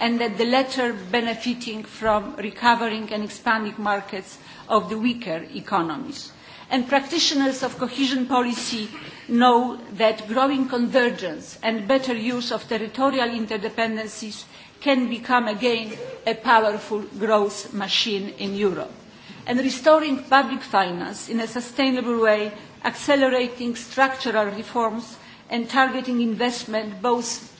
and that the latter benefiting from recovering and expanding markets of the weaker economies. And practitioners of cohesion policy know that growing convergence and better use of territorial interdependencies can become again a powerful growth machine in Europe. And restoring public finance in a sustainable way, accelerating structural reforms and targeting investment both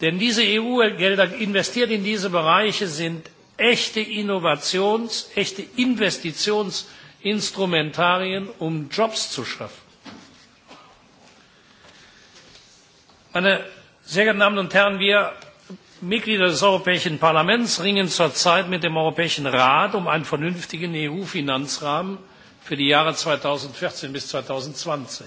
Denn diese EU-Gelder investiert in diese Bereiche sind echte Innovations-, echte Investitionsinstrumentarien, um Jobs zu schaffen. Meine sehr geehrten Damen und Herren, wir Mitglieder des Europäischen Parlaments ringen zurzeit mit dem Europäischen Rat um einen vernünftigen EU-Finanzrahmen für die Jahre zweitausendvierzehn bis 2020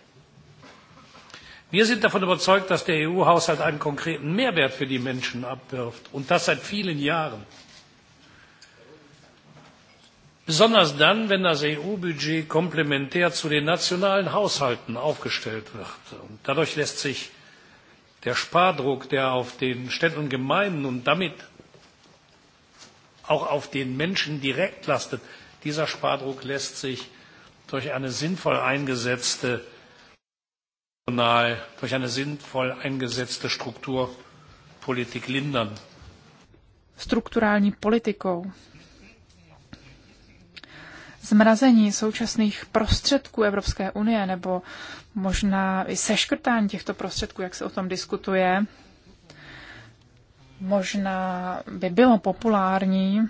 wir sind davon überzeugt dass der eu haushalt einen konkreten mehrwert für die menschen abwirft und das seit vielen jahren besonders dann wenn das eu budget komplementär zu den nationalen haushalten aufgestellt wird. dadurch lässt sich der spardruck der auf den städten und gemeinden und damit auch auf den menschen direkt lastet dieser spardruck lässt sich durch eine sinnvoll eingesetzte nahe durch eine sinnvoll eingesetzte Strukturpolitik lindern. Strukturální politikou. Zmrazení současných prostředků Evropské unie nebo možná i seškrtání těchto prostředků, jak se o tom diskutuje, možná by bylo populární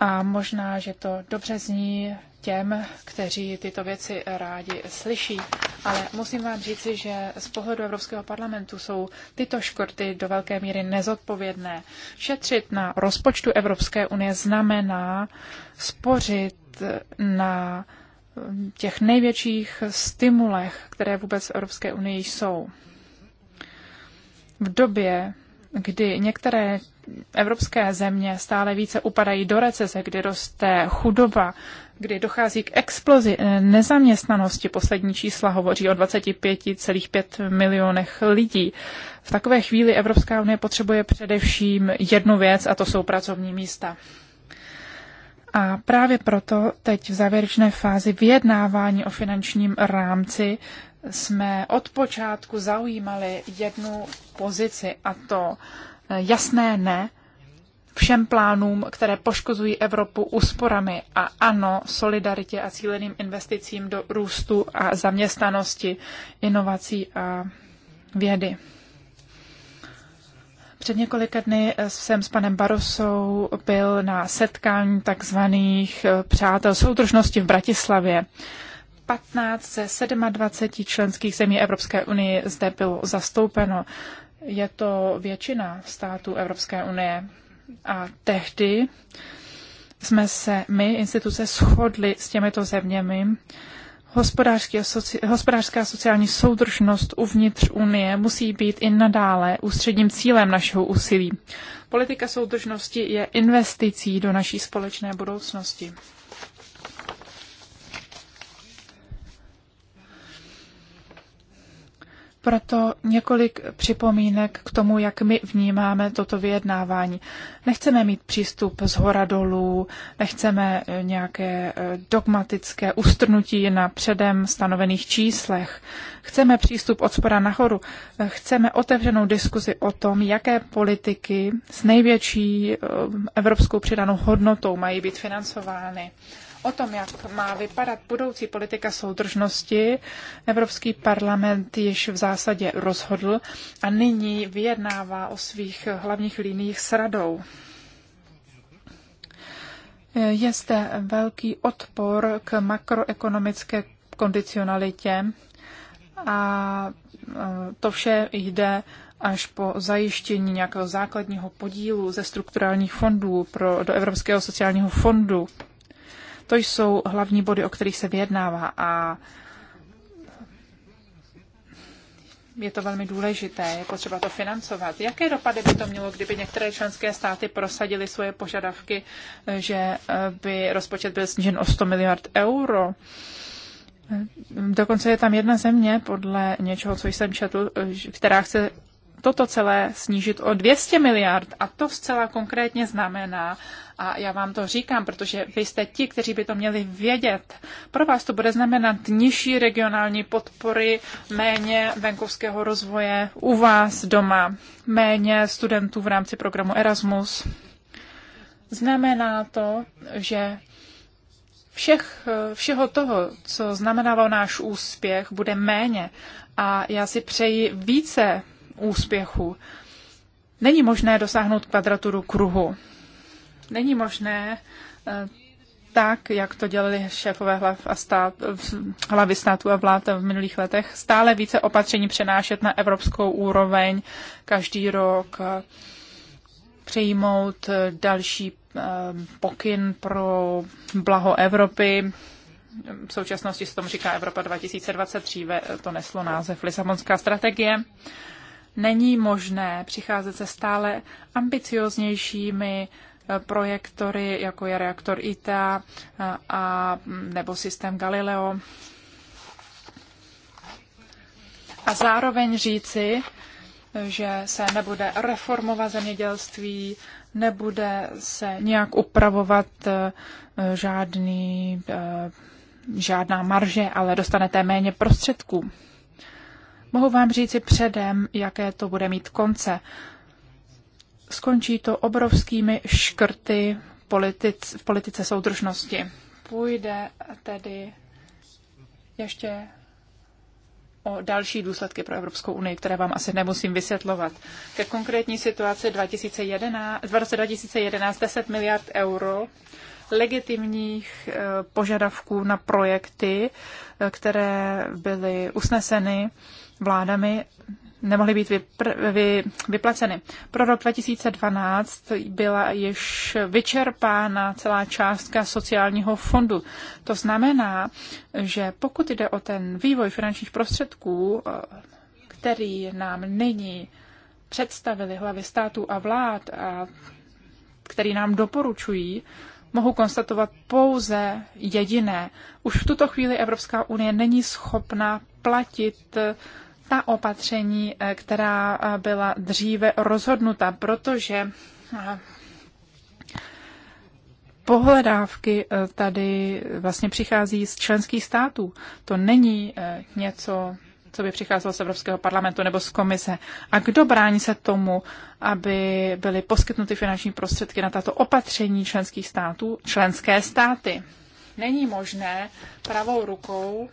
a možná, že to dobře zní těm, kteří tyto věci rádi slyší. Ale musím vám říci, že z pohledu Evropského parlamentu jsou tyto škrty do velké míry nezodpovědné. Šetřit na rozpočtu Evropské unie znamená spořit na um, těch největších stimulech, které vůbec v Evropské unii jsou. V době, kdy některé evropské země stále více upadají do recese, kdy roste chudoba, kdy dochází k explozi eh, nezaměstnanosti. Poslední čísla hovoří o 25,5 milionech lidí. V takové chvíli Evropská unie potřebuje především jednu věc a to jsou pracovní místa. A právě proto teď v závěrečné fázi vyjednávání o finančním rámci jsme od počátku zaujímali jednu pozici a to eh, jasné ne všem plánům, které poškozují Evropu úsporami a ano, solidaritě a cíleným investicím do růstu a zaměstnanosti, inovací a vědy. Před několika dny jsem s panem Barosou byl na setkání takzvaných přátel soudržnosti v Bratislavě. 15 ze 27 členských zemí Evropské unie zde bylo zastoupeno. Je to většina států Evropské unie a tehdy jsme se my, instituce, shodli s těmito zeměmi. Hospodářská a sociální soudržnost uvnitř Unie musí být i nadále ústředním cílem našeho úsilí. Politika soudržnosti je investicí do naší společné budoucnosti. Proto několik připomínek k tomu, jak my vnímáme toto vyjednávání. Nechceme mít přístup z hora dolů, nechceme eh, nějaké eh, dogmatické ustrnutí na předem stanovených číslech. Chceme přístup od spora nahoru. Eh, chceme otevřenou diskuzi o tom, jaké politiky s největší evropskou přidanou hodnotou mají být financovány o tom, jak má vypadat budoucí politika soudržnosti, Evropský parlament již v zásadě rozhodl a nyní vyjednává o svých hlavních liních s radou. Je zde velký odpor k makroekonomické kondicionalitě a e, to vše jde až po zajištění nějakého základního podílu ze strukturálních fondů pro, do Evropského sociálního fondu to jsou hlavní body, o kterých se vyjednává a je to velmi důležité, je potřeba to financovat. Jaké dopady by to mělo, kdyby některé členské státy prosadily svoje požadavky, že eh, by rozpočet byl snížen o 100 miliard euro? Dokonce je tam jedna země, podle něčeho, co jsem četl, eh, která chce toto celé snížit o 200 miliard a to zcela konkrétně znamená, a já vám to říkám, protože vy jste ti, kteří by to měli vědět. Pro vás to bude znamenat nižší regionální podpory, méně venkovského rozvoje u vás doma, méně studentů v rámci programu Erasmus. Znamená to, že všech, všeho toho, co znamenalo náš úspěch, bude méně. A já si přeji více úspěchu. Není možné dosáhnout kvadraturu kruhu. Není možné eh, tak, jak to dělali šéfové hlav a stát, eh, hlavy států a vlád v minulých letech, stále více opatření přenášet na evropskou úroveň každý rok, eh, přijmout další pokyn pro blaho Evropy. V současnosti se tomu říká Evropa 2020, dříve to neslo název Lisabonská strategie není možné přicházet se stále ambicioznějšími eh, projektory, jako je reaktor ITA eh, a, nebo systém Galileo. A zároveň říci, že se nebude reformovat zemědělství, nebude se nějak upravovat eh, žádný, žádná marže, ale dostanete méně prostředků. Mohu vám říci předem, jaké to bude mít konce. Skončí to obrovskými škrty politic, v politice soudržnosti. Půjde tedy ještě o další důsledky pro Evropskou unii, které vám asi nemusím vysvětlovat. Ke konkrétní situaci 2011, v roce 2011 10 miliard euro legitimních eh, požadavků na projekty, eh, které byly usneseny vládami nemohly být vypr- vy- vyplaceny. Pro rok 2012 byla již vyčerpána celá částka sociálního fondu. To znamená, že pokud jde o ten vývoj finančních prostředků, který nám nyní představili hlavy států a vlád a který nám doporučují, mohu konstatovat pouze jediné. Už v tuto chvíli Evropská unie není schopna platit ta opatření, eh, která eh, byla dříve rozhodnuta, protože eh, pohledávky tady vlastně přichází z členských států. To není něco, co by přicházelo z Evropského parlamentu nebo z komise. A kdo brání se tomu, aby byly poskytnuty finanční prostředky na tato opatření členských států? Členské státy. Není možné pravou rukou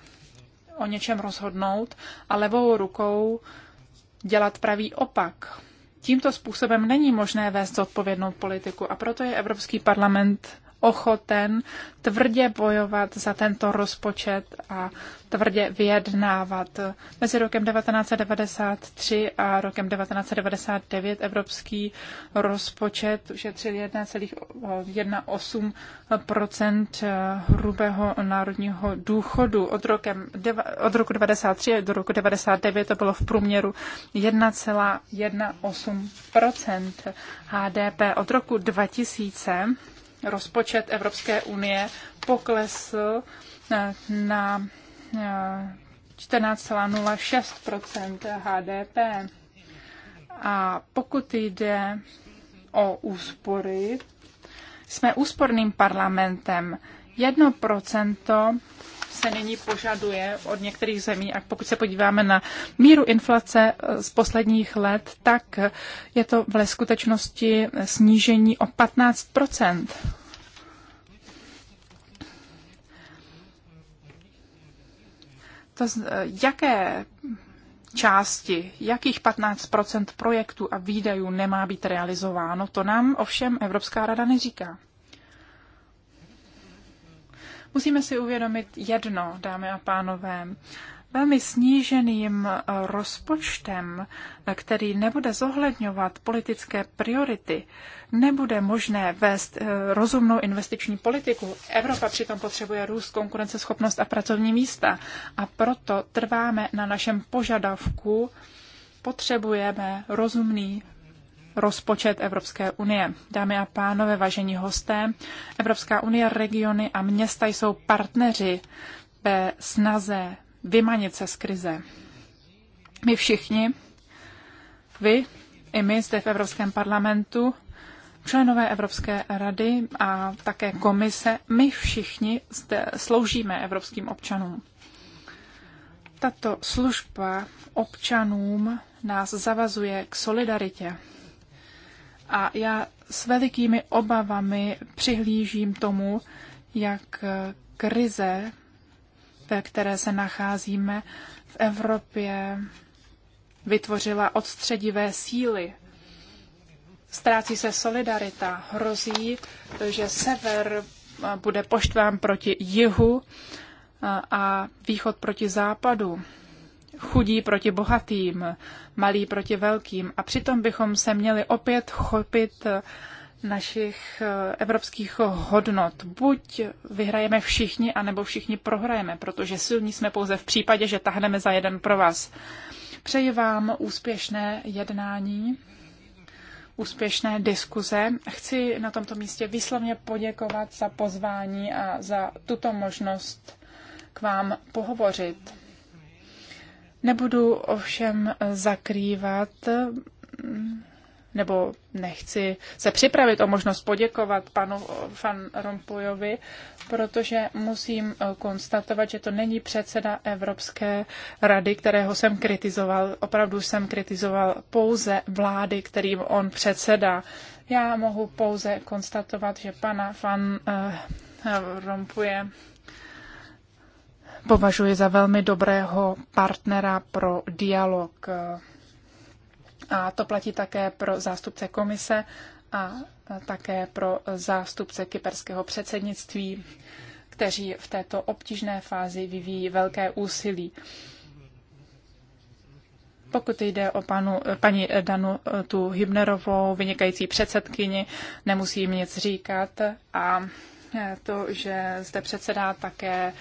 o něčem rozhodnout a levou rukou dělat pravý opak. Tímto způsobem není možné vést zodpovědnou politiku a proto je Evropský parlament ochoten tvrdě bojovat za tento rozpočet a tvrdě vyjednávat. Mezi rokem 1993 a rokem 1999 evropský rozpočet ušetřil 1,18 eh, hrubého národního důchodu. Od, rokem, od roku 1993 do roku 1999 to bylo v průměru 1,18 HDP. Od roku 2000 rozpočet Evropské unie poklesl eh, na 14,06 eh, HDP. A pokud jde o úspory, jsme úsporným parlamentem. Jedno procento se nyní požaduje od některých zemí. A pokud se podíváme na míru inflace eh, z posledních let, tak je to ve skutečnosti snížení o 15 To, eh, jaké části, jakých 15 projektů a výdajů nemá být realizováno, to nám ovšem Evropská rada neříká. Musíme si uvědomit jedno, dámy a pánové. Velmi sníženým eh, rozpočtem, eh, který nebude zohledňovat politické priority, nebude možné vést eh, rozumnou investiční politiku. Evropa přitom potřebuje růst, konkurenceschopnost a pracovní místa. A proto trváme na našem požadavku potřebujeme rozumný rozpočet Evropské unie. Dámy a pánové, vážení hosté, Evropská unie, regiony a města jsou partneři ve snaze vymanit se z krize. My všichni, vy i my zde v Evropském parlamentu, členové Evropské rady a také komise, my všichni zde sloužíme evropským občanům. Tato služba občanům nás zavazuje k solidaritě a já s velikými obavami přihlížím tomu, jak eh, krize, ve které se nacházíme v Evropě, vytvořila odstředivé síly. Ztrácí se solidarita, hrozí, že sever eh, bude poštván proti jihu eh, a východ proti západu chudí proti bohatým, malí proti velkým. A přitom bychom se měli opět chopit eh, našich eh, evropských hodnot. Buď vyhrajeme všichni, anebo všichni prohrajeme, protože silní jsme pouze v případě, že tahneme za jeden pro vás. Přeji vám úspěšné jednání, úspěšné diskuze. Chci na tomto místě výslovně poděkovat za pozvání a za tuto možnost k vám pohovořit. Nebudu ovšem zakrývat nebo nechci se připravit o možnost poděkovat panu Van Rompuyovi, protože musím konstatovat, že to není předseda Evropské rady, kterého jsem kritizoval. Opravdu jsem kritizoval pouze vlády, kterým on předsedá. Já mohu pouze konstatovat, že pana Van eh, Rompuje považuji za velmi dobrého partnera pro dialog. A to platí také pro zástupce komise a také pro zástupce kyperského předsednictví, kteří v této obtížné fázi vyvíjí velké úsilí. Pokud jde o panu, paní Danu tu Hybnerovou, vynikající předsedkyni, nemusím nic říkat a to, že zde předsedá také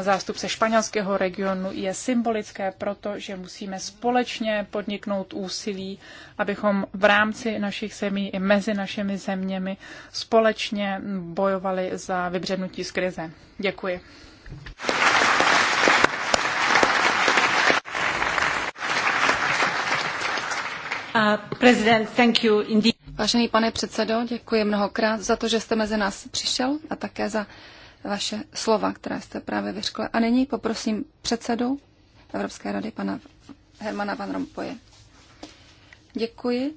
zástupce španělského regionu, je symbolické, protože musíme společně podniknout úsilí, abychom v rámci našich zemí i mezi našimi zeměmi společně bojovali za vybřednutí z krize. Děkuji. Uh, vážený pane předsedo, děkuji mnohokrát za to, že jste mezi nás přišel a také za vaše slova, která jste právě vyřkl. A nyní poprosím předsedu Evropské rady, pana Hermana Van Rompuye. Děkuji,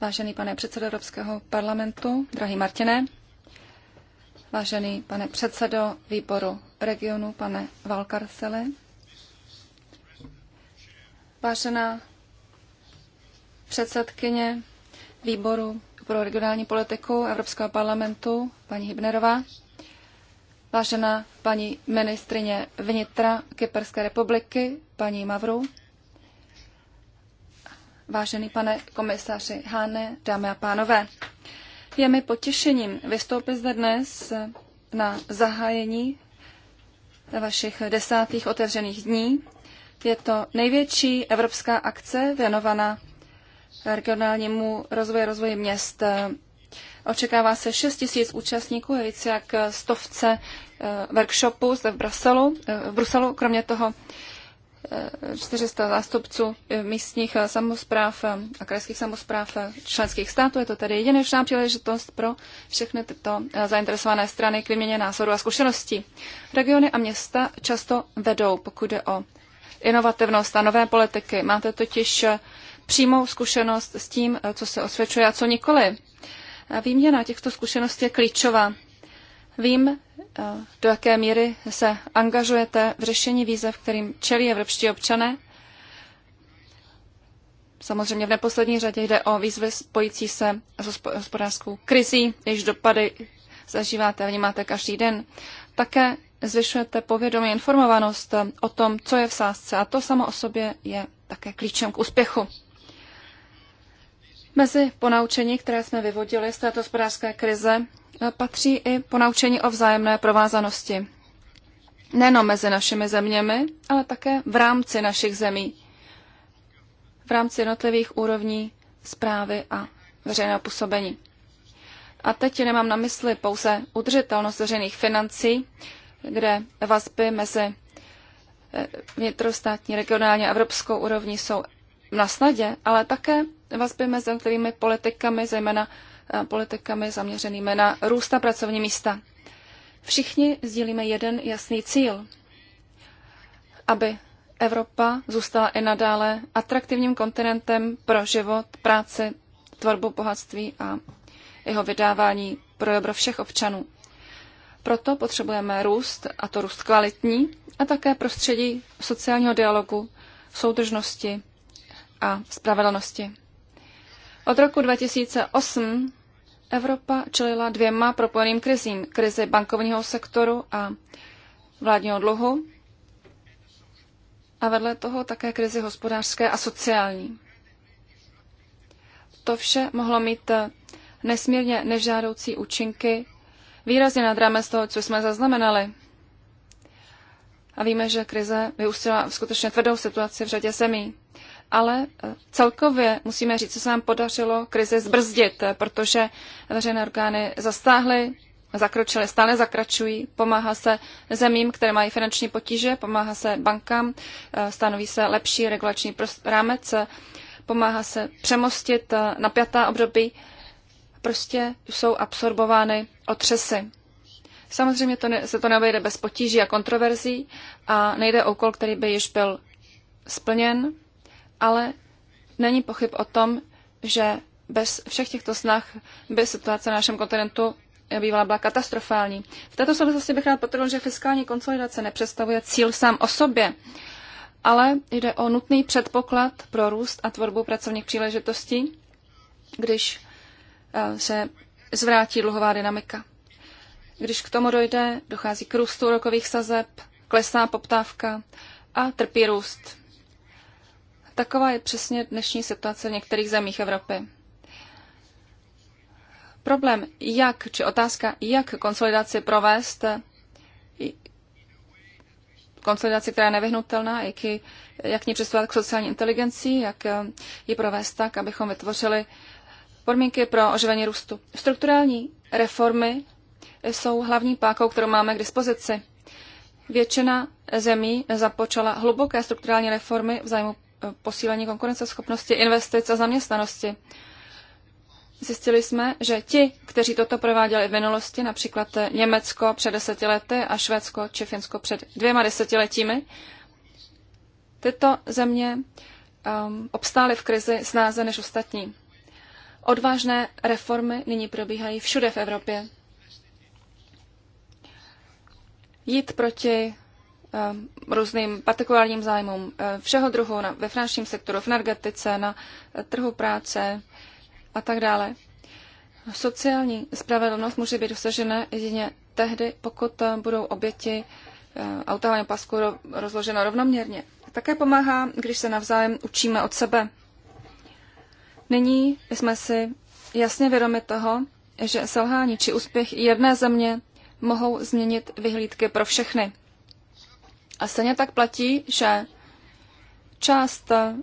vážený pane předsedo Evropského parlamentu, drahý Martine, vážený pane předsedo výboru regionu, pane Valkarsele, vážená předsedkyně výboru pro regionální politiku Evropského parlamentu, paní Hybnerová, vážená paní ministrině vnitra Kyperské republiky, paní Mavru, vážený pane komisaři Háne, dámy a pánové. Je mi potěšením vystoupit zde dnes na zahájení vašich desátých otevřených dní. Je to největší evropská akce věnovaná regionálnímu rozvoji, rozvoji měst. Očekává se 6 tisíc účastníků, je více jak stovce eh, workshopů zde v Bruselu. Eh, v Bruselu kromě toho 400 eh, zástupců místních samozpráv a krajských samozpráv členských států. Je to tedy jedinečná příležitost pro všechny tyto zainteresované strany k vyměně názoru a zkušeností. Regiony a města často vedou, pokud jde o inovativnost a nové politiky. Máte totiž přímou zkušenost s tím, eh, co se osvědčuje a co nikoli. A výměna těchto zkušeností je klíčová. Vím, eh, do jaké míry se angažujete v řešení výzev, kterým čelí evropští občané. Samozřejmě v neposlední řadě jde o výzvy spojící se s hospodářskou krizí, jejíž dopady zažíváte a vnímáte každý den. Také zvyšujete povědomí informovanost eh, o tom, co je v sázce a to samo o sobě je také klíčem k úspěchu. Mezi ponaučení, které jsme vyvodili z této hospodářské krize, eh, patří i ponaučení o vzájemné provázanosti. Nejen mezi našimi zeměmi, ale také v rámci našich zemí, v rámci jednotlivých úrovní zprávy a veřejného působení. A teď nemám na mysli pouze udržitelnost veřejných financí, kde vazby mezi eh, vnitrostátní, regionálně a evropskou úrovní jsou na snadě, ale také vazby mezi některými politikami, zejména eh, politikami zaměřenými na růst a pracovní místa. Všichni sdílíme jeden jasný cíl, aby Evropa zůstala i nadále atraktivním kontinentem pro život, práci, tvorbu bohatství a jeho vydávání pro dobro všech občanů. Proto potřebujeme růst, a to růst kvalitní, a také prostředí sociálního dialogu, soudržnosti a spravedlnosti. Od roku 2008 Evropa čelila dvěma propojeným krizím. Krizi bankovního sektoru a vládního dluhu a vedle toho také krizi hospodářské a sociální. To vše mohlo mít nesmírně nežádoucí účinky výrazně nad rámec toho, co jsme zaznamenali. A víme, že krize vyústila skutečně tvrdou situaci v řadě zemí ale eh, celkově musíme říct, co se nám podařilo krizi zbrzdit, eh, protože veřejné orgány zastáhly, zakročily, stále zakračují, pomáhá se zemím, které mají finanční potíže, pomáhá se bankám, eh, stanoví se lepší regulační rámec, pomáhá se přemostit napjatá období, prostě jsou absorbovány otřesy. Samozřejmě to ne, se to nevejde bez potíží a kontroverzí a nejde o úkol, který by již byl splněn ale není pochyb o tom, že bez všech těchto snah by situace na našem kontinentu bývala byla katastrofální. V této souvislosti bych rád potvrdil, že fiskální konsolidace nepředstavuje cíl sám o sobě, ale jde o nutný předpoklad pro růst a tvorbu pracovních příležitostí, když eh, se zvrátí dluhová dynamika. Když k tomu dojde, dochází k růstu rokových sazeb, klesá poptávka a trpí růst. Taková je přesně dnešní situace v některých zemích Evropy. Problém, jak, či otázka, jak konsolidaci provést, konsolidaci, která je nevyhnutelná, jak, ji, jak ní přistupovat k sociální inteligenci, jak eh, ji provést tak, abychom vytvořili podmínky pro oživení růstu. Strukturální reformy jsou hlavní pákou, kterou máme k dispozici. Většina zemí započala hluboké strukturální reformy v zájmu posílení konkurenceschopnosti, investice a zaměstnanosti. Zjistili jsme, že ti, kteří toto prováděli v minulosti, například Německo před deseti lety a Švédsko či Finsko před dvěma desetiletími, tyto země um, obstály v krizi snáze než ostatní. Odvážné reformy nyní probíhají všude v Evropě. Jít proti Eh, různým partikulárním zájmům eh, všeho druhu na, ve finančním sektoru, v energetice, na eh, trhu práce a tak dále. Sociální spravedlnost může být dosažena jedině tehdy, pokud budou oběti autování pasku rozloženo rovnoměrně. Také pomáhá, když se navzájem učíme od sebe. Nyní jsme si jasně vědomi toho, že selhání či úspěch jedné země mohou změnit vyhlídky pro všechny. A stejně tak platí, že část eh,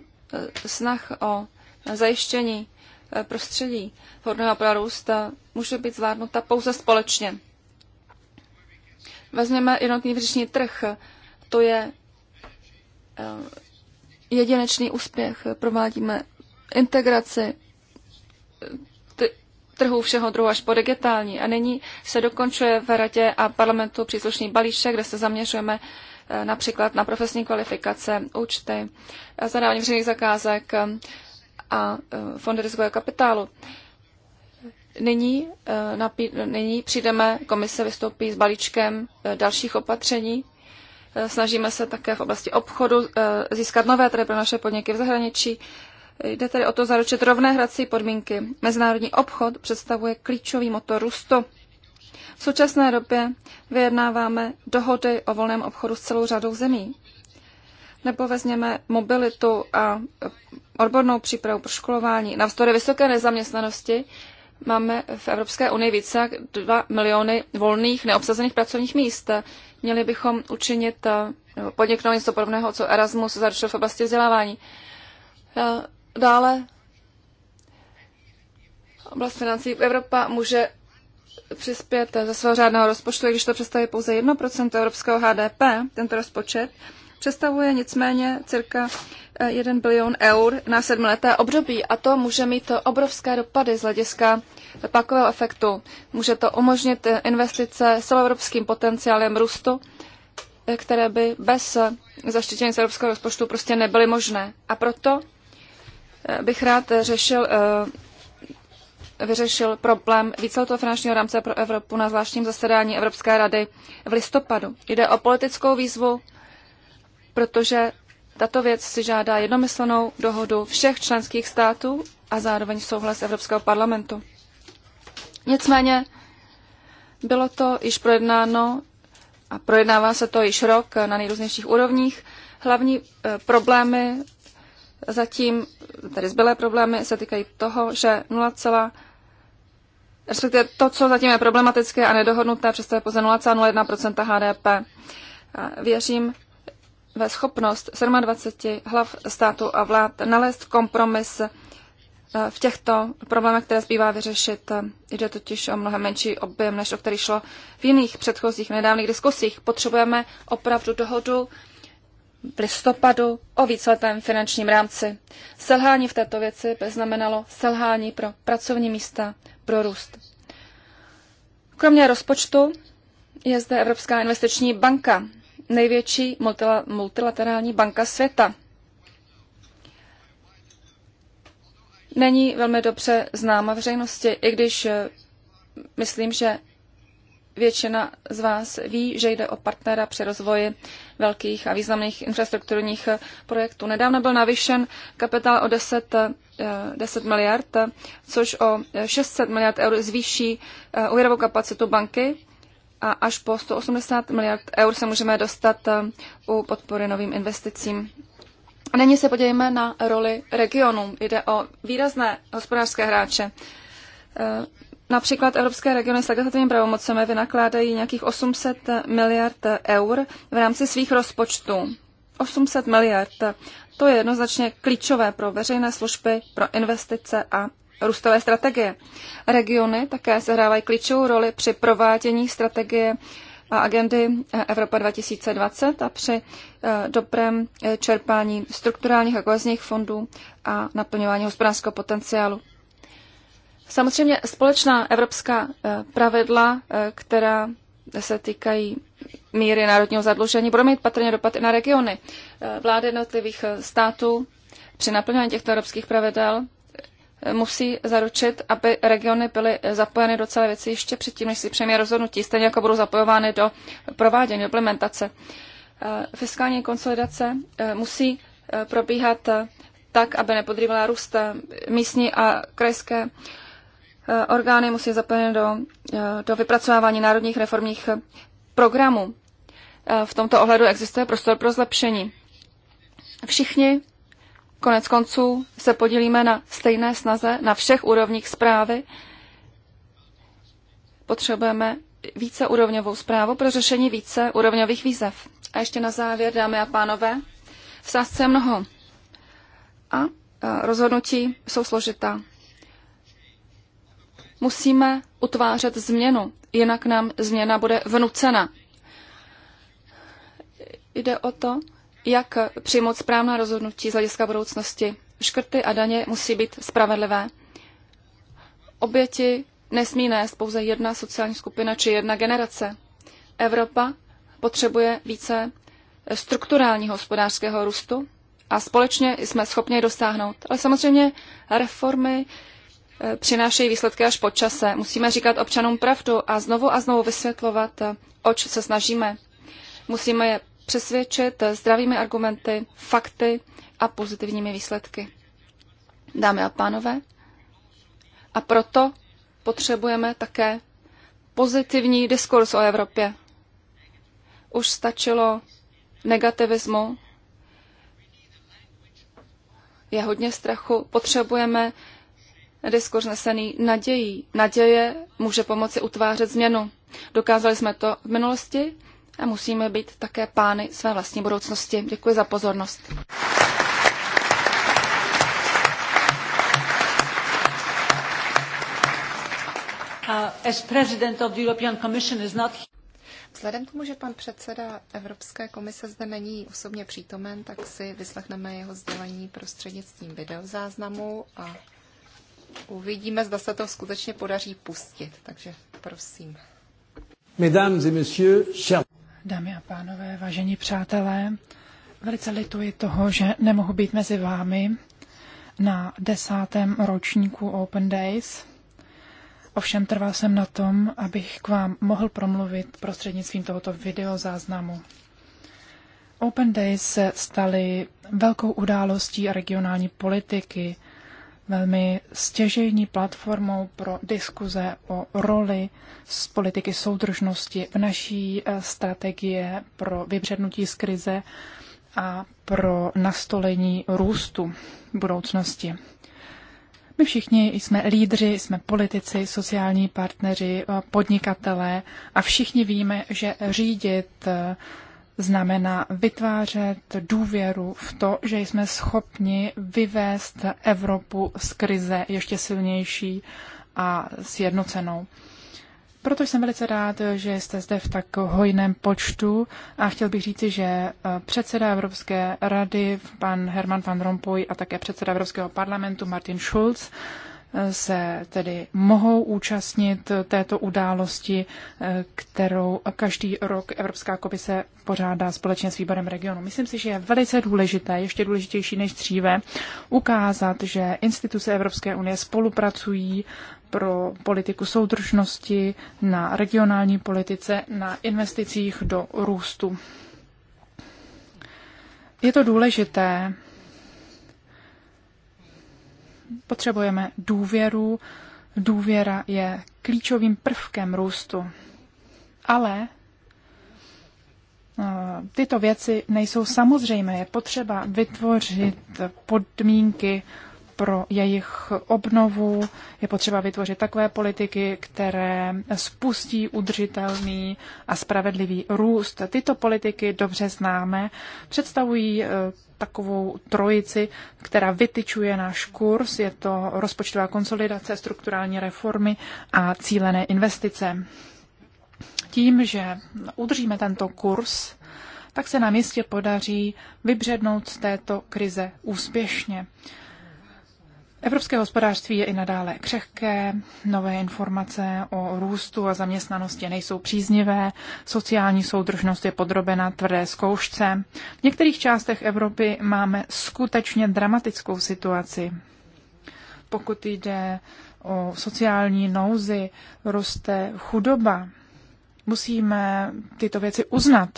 snah o zajištění eh, prostředí vhodného pro růst eh, může být zvládnuta pouze společně. Vezměme jednotný vnitřní trh. To je jedinečný úspěch. Provádíme integraci trhů všeho druhu až po digitální. A nyní se dokončuje v Radě a parlamentu příslušný balíček, kde se zaměřujeme Eh, například na profesní kvalifikace, účty, eh, zadávání veřejných zakázek eh, a fondy rizikového kapitálu. Nyní, napí, nyní přijdeme, komise vystoupí s balíčkem dalších opatření. Snažíme se také v oblasti obchodu získat nové trhy pro naše podniky v zahraničí. Jde tedy o to zaručit rovné hrací podmínky. Mezinárodní obchod představuje klíčový motor růstu. V současné době vyjednáváme dohody o volném obchodu s celou řadou zemí. Nebo vezměme mobilitu a odbornou přípravu pro školování. Navzdory vysoké nezaměstnanosti máme v Evropské unii více jak 2 miliony volných neobsazených pracovních míst. Měli bychom učinit, eh, podniknout něco podobného, co Erasmus zaručil v oblasti vzdělávání. Eh, dále oblast financí Evropa může přispět ze svého řádného rozpočtu, i když to představuje pouze 1% evropského HDP, tento rozpočet, představuje nicméně cirka 1 eh, bilion eur na sedmileté období a to může mít obrovské dopady z hlediska pakového efektu. Může to umožnit eh, investice s celoevropským potenciálem růstu, eh, které by bez zaštětění z evropského rozpočtu prostě nebyly možné. A proto bych rád řešil vyřešil problém víceletého finančního rámce pro Evropu na zvláštním zasedání Evropské rady v listopadu. Jde o politickou výzvu, protože tato věc si žádá jednomyslnou dohodu všech členských států a zároveň souhlas Evropského parlamentu. Nicméně bylo to již projednáno a projednává se to již rok na nejrůznějších úrovních. Hlavní eh, problémy zatím, tady zbylé problémy, se týkají toho, že respektive to, co zatím je problematické a nedohodnuté, představuje pouze 0,01 HDP. Věřím ve schopnost 27 hlav státu a vlád nalézt kompromis e, v těchto problémech, které zbývá vyřešit, jde totiž o mnohem menší objem, než o který šlo v jiných předchozích nedávných diskusích. Potřebujeme opravdu dohodu v listopadu o víceletém finančním rámci. Selhání v této věci by znamenalo selhání pro pracovní místa, pro růst. Kromě rozpočtu je zde Evropská investiční banka, největší multilaterální banka světa. Není velmi dobře známa veřejnosti, i když eh, myslím, že většina z vás ví, že jde o partnera při rozvoji velkých a významných infrastrukturních eh, projektů. Nedávno byl navýšen kapitál o 10 10 miliard, což o 600 miliard eur zvýší eh, úvěrovou kapacitu banky a až po 180 miliard eur se můžeme dostat eh, u podpory novým investicím. A nyní se podívejme na roli regionů. Jde o výrazné hospodářské hráče. Eh, například evropské regiony s legislativními pravomocemi vynakládají nějakých 800 miliard eur v rámci svých rozpočtů. 800 miliard. To je jednoznačně klíčové pro veřejné služby, pro investice a růstové strategie. Regiony také sehrávají klíčovou roli při provádění strategie a agendy Evropa 2020 a při eh, dobrém eh, čerpání strukturálních a kohezních fondů a naplňování hospodářského potenciálu. Samozřejmě společná evropská eh, pravidla, která se týkají míry národního zadlužení bude mít patrně dopad i na regiony. Eh, Vlády jednotlivých eh, států při naplňování těchto evropských pravidel eh, musí zaručit, aby regiony byly zapojeny do celé věci ještě předtím, než si přejmě rozhodnutí, stejně jako budou zapojovány do provádění, implementace. Fiskální konsolidace musí probíhat tak, aby nepodrývala růst místní a krajské orgány musí zapojeny do, do vypracovávání národních reformních programu. E, v tomto ohledu existuje prostor pro zlepšení. Všichni konec konců se podílíme na stejné snaze na všech úrovních zprávy. Potřebujeme více úrovňovou zprávu pro řešení více úrovňových výzev. A ještě na závěr, dámy a pánové, v sázce je mnoho. A e, rozhodnutí jsou složitá. Musíme utvářet změnu, jinak nám změna bude vnucena. Jde o to, jak přijmout správná rozhodnutí z hlediska budoucnosti. Škrty a daně musí být spravedlivé. Oběti nesmí nést pouze jedna sociální skupina či jedna generace. Evropa potřebuje více strukturálního hospodářského růstu a společně jsme schopni dosáhnout. Ale samozřejmě reformy přinášejí výsledky až po čase. Musíme říkat občanům pravdu a znovu a znovu vysvětlovat, oč se snažíme. Musíme je přesvědčit zdravými argumenty, fakty a pozitivními výsledky. Dámy a pánové, a proto potřebujeme také pozitivní diskurs o Evropě. Už stačilo negativismu, je hodně strachu. Potřebujeme Diskurs nesený nadějí. Naděje může pomoci utvářet změnu. Dokázali jsme to v minulosti a musíme být také pány své vlastní budoucnosti. Děkuji za pozornost. Uh, Vzhledem k tomu, že pan předseda Evropské komise zde není osobně přítomen, tak si vyslechneme jeho sdělení prostřednictvím videozáznamu a uvidíme, zda se to skutečně podaří pustit. Takže prosím. Mesdames et messieurs, Dámy a pánové, vážení přátelé, velice lituji toho, že nemohu být mezi vámi na desátém ročníku Open Days. Ovšem trval jsem na tom, abych k vám mohl promluvit prostřednictvím tohoto videozáznamu. Open Days se staly velkou událostí regionální politiky – velmi stěžejní platformou pro diskuze o roli z politiky soudržnosti v naší eh, strategie pro vybřednutí z krize a pro nastolení růstu budoucnosti. My všichni jsme lídři, jsme politici, sociální partneři, eh, podnikatelé a všichni víme, že řídit eh, znamená vytvářet důvěru v to, že jsme schopni vyvést Evropu z krize ještě silnější a sjednocenou. Proto jsem velice rád, že jste zde v tak hojném počtu a chtěl bych říci, že eh, předseda Evropské rady, pan Herman van Rompuy a také předseda Evropského parlamentu Martin Schulz se tedy mohou účastnit této události, eh, kterou každý rok Evropská komise pořádá společně s výborem regionu. Myslím si, že je velice důležité, ještě důležitější než dříve, ukázat, že instituce Evropské unie spolupracují pro politiku soudržnosti, na regionální politice, na investicích do růstu. Je to důležité potřebujeme důvěru. Důvěra je klíčovým prvkem růstu. Ale eh, tyto věci nejsou samozřejmé. Je potřeba vytvořit podmínky pro jejich obnovu je potřeba vytvořit takové politiky, které spustí udržitelný a spravedlivý růst. Tyto politiky dobře známe, představují eh, takovou trojici, která vytyčuje náš kurz. Je to rozpočtová konsolidace, strukturální reformy a cílené investice. Tím, že udržíme tento kurz, tak se nám jistě podaří vybřednout z této krize úspěšně. Evropské hospodářství je i nadále křehké, nové informace o růstu a zaměstnanosti nejsou příznivé, sociální soudržnost je podrobena tvrdé zkoušce. V některých částech Evropy máme skutečně dramatickou situaci. Pokud jde o sociální nouzi, roste chudoba. Musíme tyto věci uznat.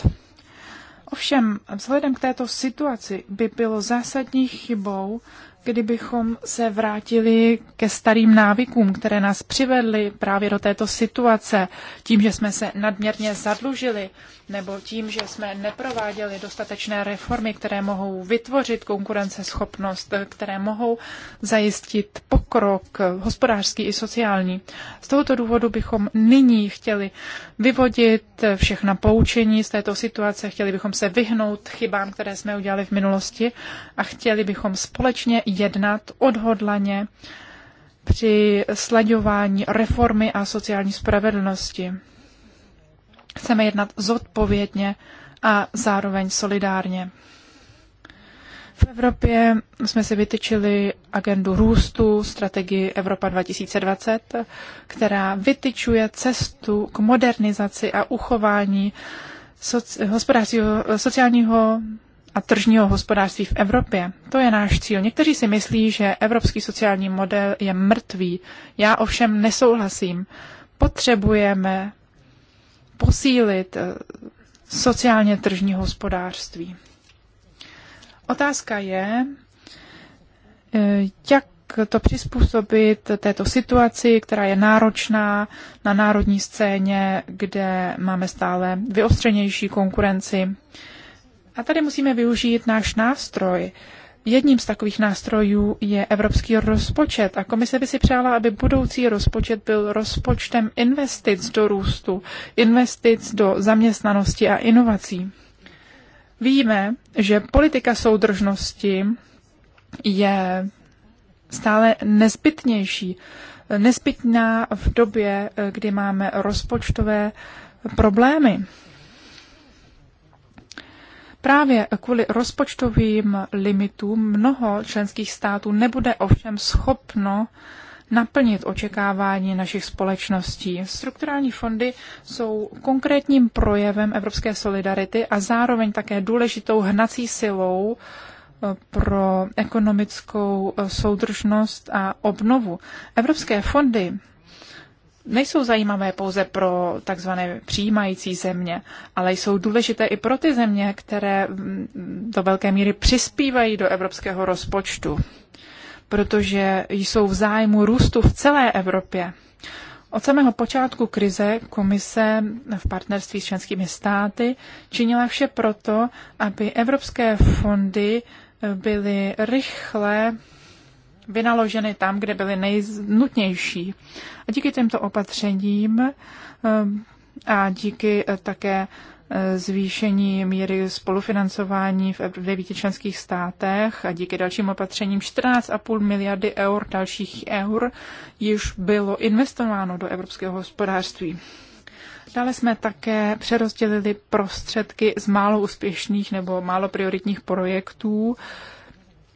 Ovšem, vzhledem k této situaci by bylo zásadní chybou kdybychom se vrátili ke starým návykům, které nás přivedly právě do této situace, tím, že jsme se nadměrně zadlužili, nebo tím, že jsme neprováděli dostatečné reformy, které mohou vytvořit konkurenceschopnost, které mohou zajistit pokrok hospodářský i sociální. Z tohoto důvodu bychom nyní chtěli vyvodit všechna poučení z této situace, chtěli bychom se vyhnout chybám, které jsme udělali v minulosti a chtěli bychom společně jednat odhodlaně při sledování reformy a sociální spravedlnosti. Chceme jednat zodpovědně a zároveň solidárně. V Evropě jsme si vytyčili agendu růstu, strategii Evropa 2020, která vytyčuje cestu k modernizaci a uchování soci, hospodářského, sociálního a tržního hospodářství v Evropě. To je náš cíl. Někteří si myslí, že evropský sociální model je mrtvý. Já ovšem nesouhlasím. Potřebujeme posílit eh, sociálně tržní hospodářství. Otázka je, eh, jak to přizpůsobit této situaci, která je náročná na národní scéně, kde máme stále vyostřenější konkurenci a tady musíme využít náš nástroj. Jedním z takových nástrojů je evropský rozpočet a komise by si přála, aby budoucí rozpočet byl rozpočtem investic do růstu, investic do zaměstnanosti a inovací. Víme, že politika soudržnosti je stále nezbytnější. Nezbytná v době, kdy máme rozpočtové problémy. Právě kvůli rozpočtovým limitům mnoho členských států nebude ovšem schopno naplnit očekávání našich společností. Strukturální fondy jsou konkrétním projevem evropské solidarity a zároveň také důležitou hnací silou eh, pro ekonomickou eh, soudržnost a obnovu. Evropské fondy nejsou zajímavé pouze pro takzvané přijímající země, ale jsou důležité i pro ty země, které do velké míry přispívají do evropského rozpočtu, protože jsou v zájmu růstu v celé Evropě. Od samého počátku krize komise v partnerství s členskými státy činila vše proto, aby evropské fondy byly rychle vynaloženy tam, kde byly nejnutnější. A díky těmto opatřením ehm, a díky eh, také eh, zvýšení míry spolufinancování v devíti členských státech a díky dalším opatřením 14,5 miliardy eur dalších eur již bylo investováno do evropského hospodářství. Dále jsme také přerozdělili prostředky z málo úspěšných nebo málo prioritních projektů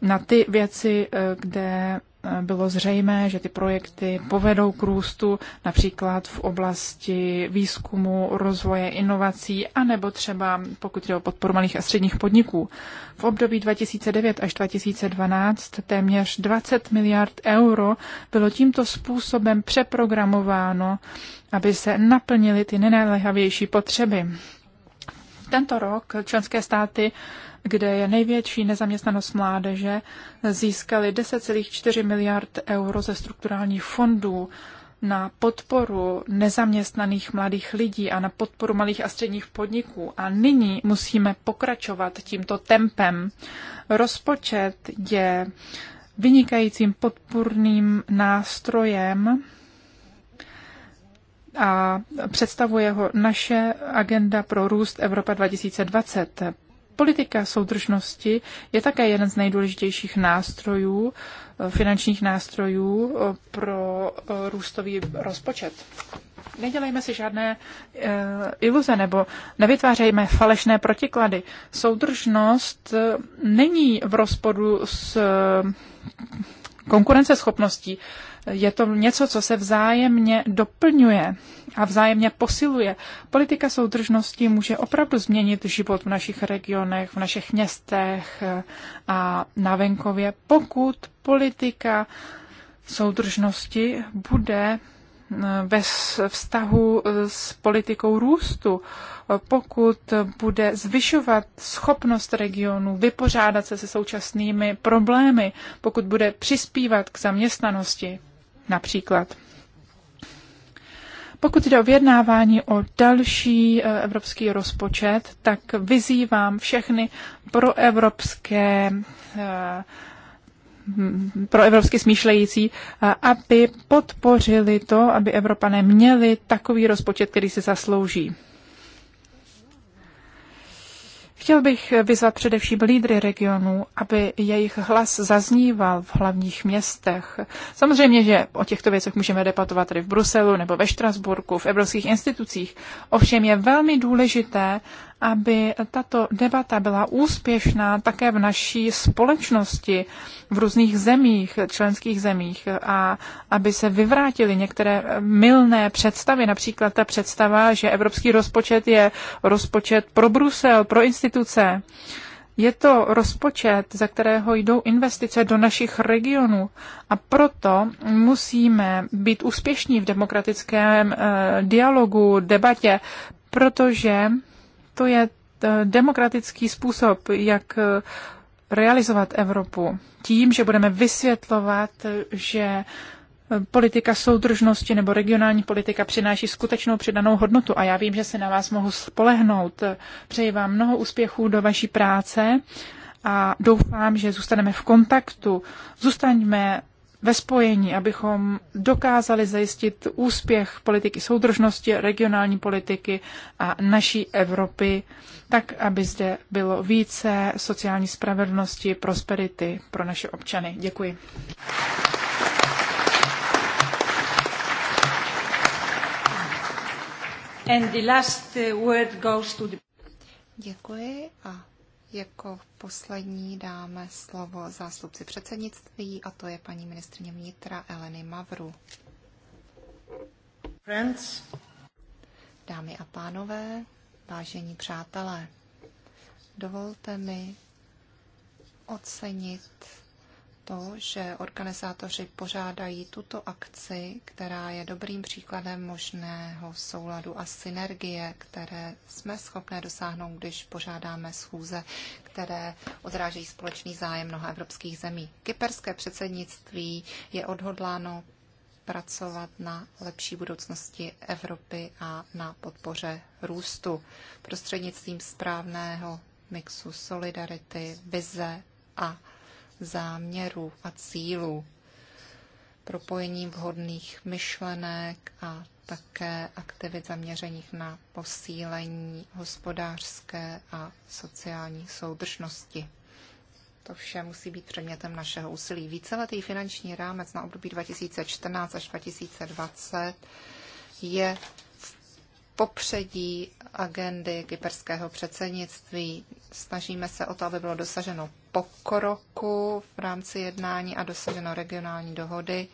na ty věci, eh, kde eh, bylo zřejmé, že ty projekty povedou k růstu, například v oblasti výzkumu, rozvoje, inovací, anebo třeba pokud jde o podporu malých a středních podniků. V období 2009 až 2012 téměř 20 miliard euro bylo tímto způsobem přeprogramováno, aby se naplnily ty nejnaléhavější potřeby. Tento rok členské státy kde je největší nezaměstnanost mládeže, získali 10,4 miliard euro ze strukturálních fondů na podporu nezaměstnaných mladých lidí a na podporu malých a středních podniků. A nyní musíme pokračovat tímto tempem. Rozpočet je vynikajícím podpůrným nástrojem a představuje ho naše agenda pro růst Evropa 2020. Politika soudržnosti je také jeden z nejdůležitějších nástrojů, eh, finančních nástrojů eh, pro eh, růstový rozpočet. Nedělejme si žádné e, iluze nebo nevytvářejme falešné protiklady. Soudržnost není v rozporu s konkurenceschopností je to něco, co se vzájemně doplňuje a vzájemně posiluje. Politika soudržnosti může opravdu změnit život v našich regionech, v našich městech a na venkově, pokud politika soudržnosti bude eh, ve vztahu eh, s politikou růstu, pokud bude zvyšovat schopnost regionu vypořádat se se současnými problémy, pokud bude přispívat k zaměstnanosti například. Pokud jde o vyjednávání o další eh, evropský rozpočet, tak vyzývám všechny proevropské eh, pro evropsky smýšlející, eh, aby podpořili to, aby Evropané měli takový rozpočet, který si zaslouží. Chtěl bych vyzvat především lídry regionů, aby jejich hlas zazníval v hlavních městech. Samozřejmě, že o těchto věcech můžeme debatovat tady v Bruselu nebo ve Štrasburku, v evropských institucích. Ovšem je velmi důležité, aby tato debata byla úspěšná také v naší společnosti, v různých zemích, členských zemích a aby se vyvrátily některé milné představy, například ta představa, že evropský rozpočet je rozpočet pro Brusel, pro instituce. Je to rozpočet, za kterého jdou investice do našich regionů a proto musíme být úspěšní v demokratickém eh, dialogu, debatě, protože to je eh, demokratický způsob, jak eh, realizovat Evropu. Tím, že budeme vysvětlovat, eh, že politika soudržnosti nebo regionální politika přináší skutečnou přidanou hodnotu a já vím, že se na vás mohu spolehnout. Přeji vám mnoho úspěchů do vaší práce a doufám, že zůstaneme v kontaktu. Zůstaňme ve spojení, abychom dokázali zajistit úspěch politiky soudržnosti, regionální politiky a naší Evropy, tak aby zde bylo více sociální spravedlnosti, prosperity pro naše občany. Děkuji. And the last uh, word goes to the... Děkuji a jako poslední dáme slovo zástupci předsednictví a to je paní ministrně vnitra Eleny Mavru. Friends. Dámy a pánové, vážení přátelé, dovolte mi ocenit to, že organizátoři pořádají tuto akci, která je dobrým příkladem možného souladu a synergie, které jsme schopné dosáhnout, když pořádáme schůze, které odrážejí společný zájem mnoha evropských zemí. Kyperské předsednictví je odhodláno pracovat na lepší budoucnosti Evropy a na podpoře růstu prostřednictvím správného mixu solidarity, vize a záměrů a cílů, propojení vhodných myšlenek a také aktivit zaměřených na posílení hospodářské a sociální soudržnosti. To vše musí být předmětem našeho úsilí. Víceletý finanční rámec na období 2014 až 2020 je v popředí agendy kyperského předsednictví. Snažíme se o to, aby bylo dosaženo pokroku v rámci jednání a dosaženo regionální dohody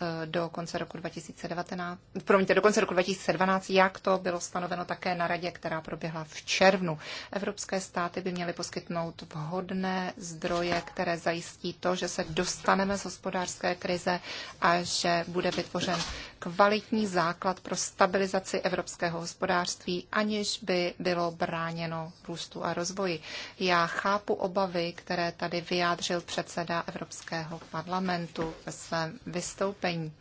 Eh, do konce roku 2019, promiňte, do konce roku 2012, jak to bylo stanoveno také na radě, která proběhla v červnu. Evropské státy by měly poskytnout vhodné zdroje, které zajistí to, že se dostaneme z hospodářské krize a že bude vytvořen kvalitní základ pro stabilizaci evropského hospodářství, aniž by bylo bráněno růstu a rozvoji. Já chápu obavy, které tady vyjádřil předseda Evropského parlamentu ve svém vystoupení utrpení.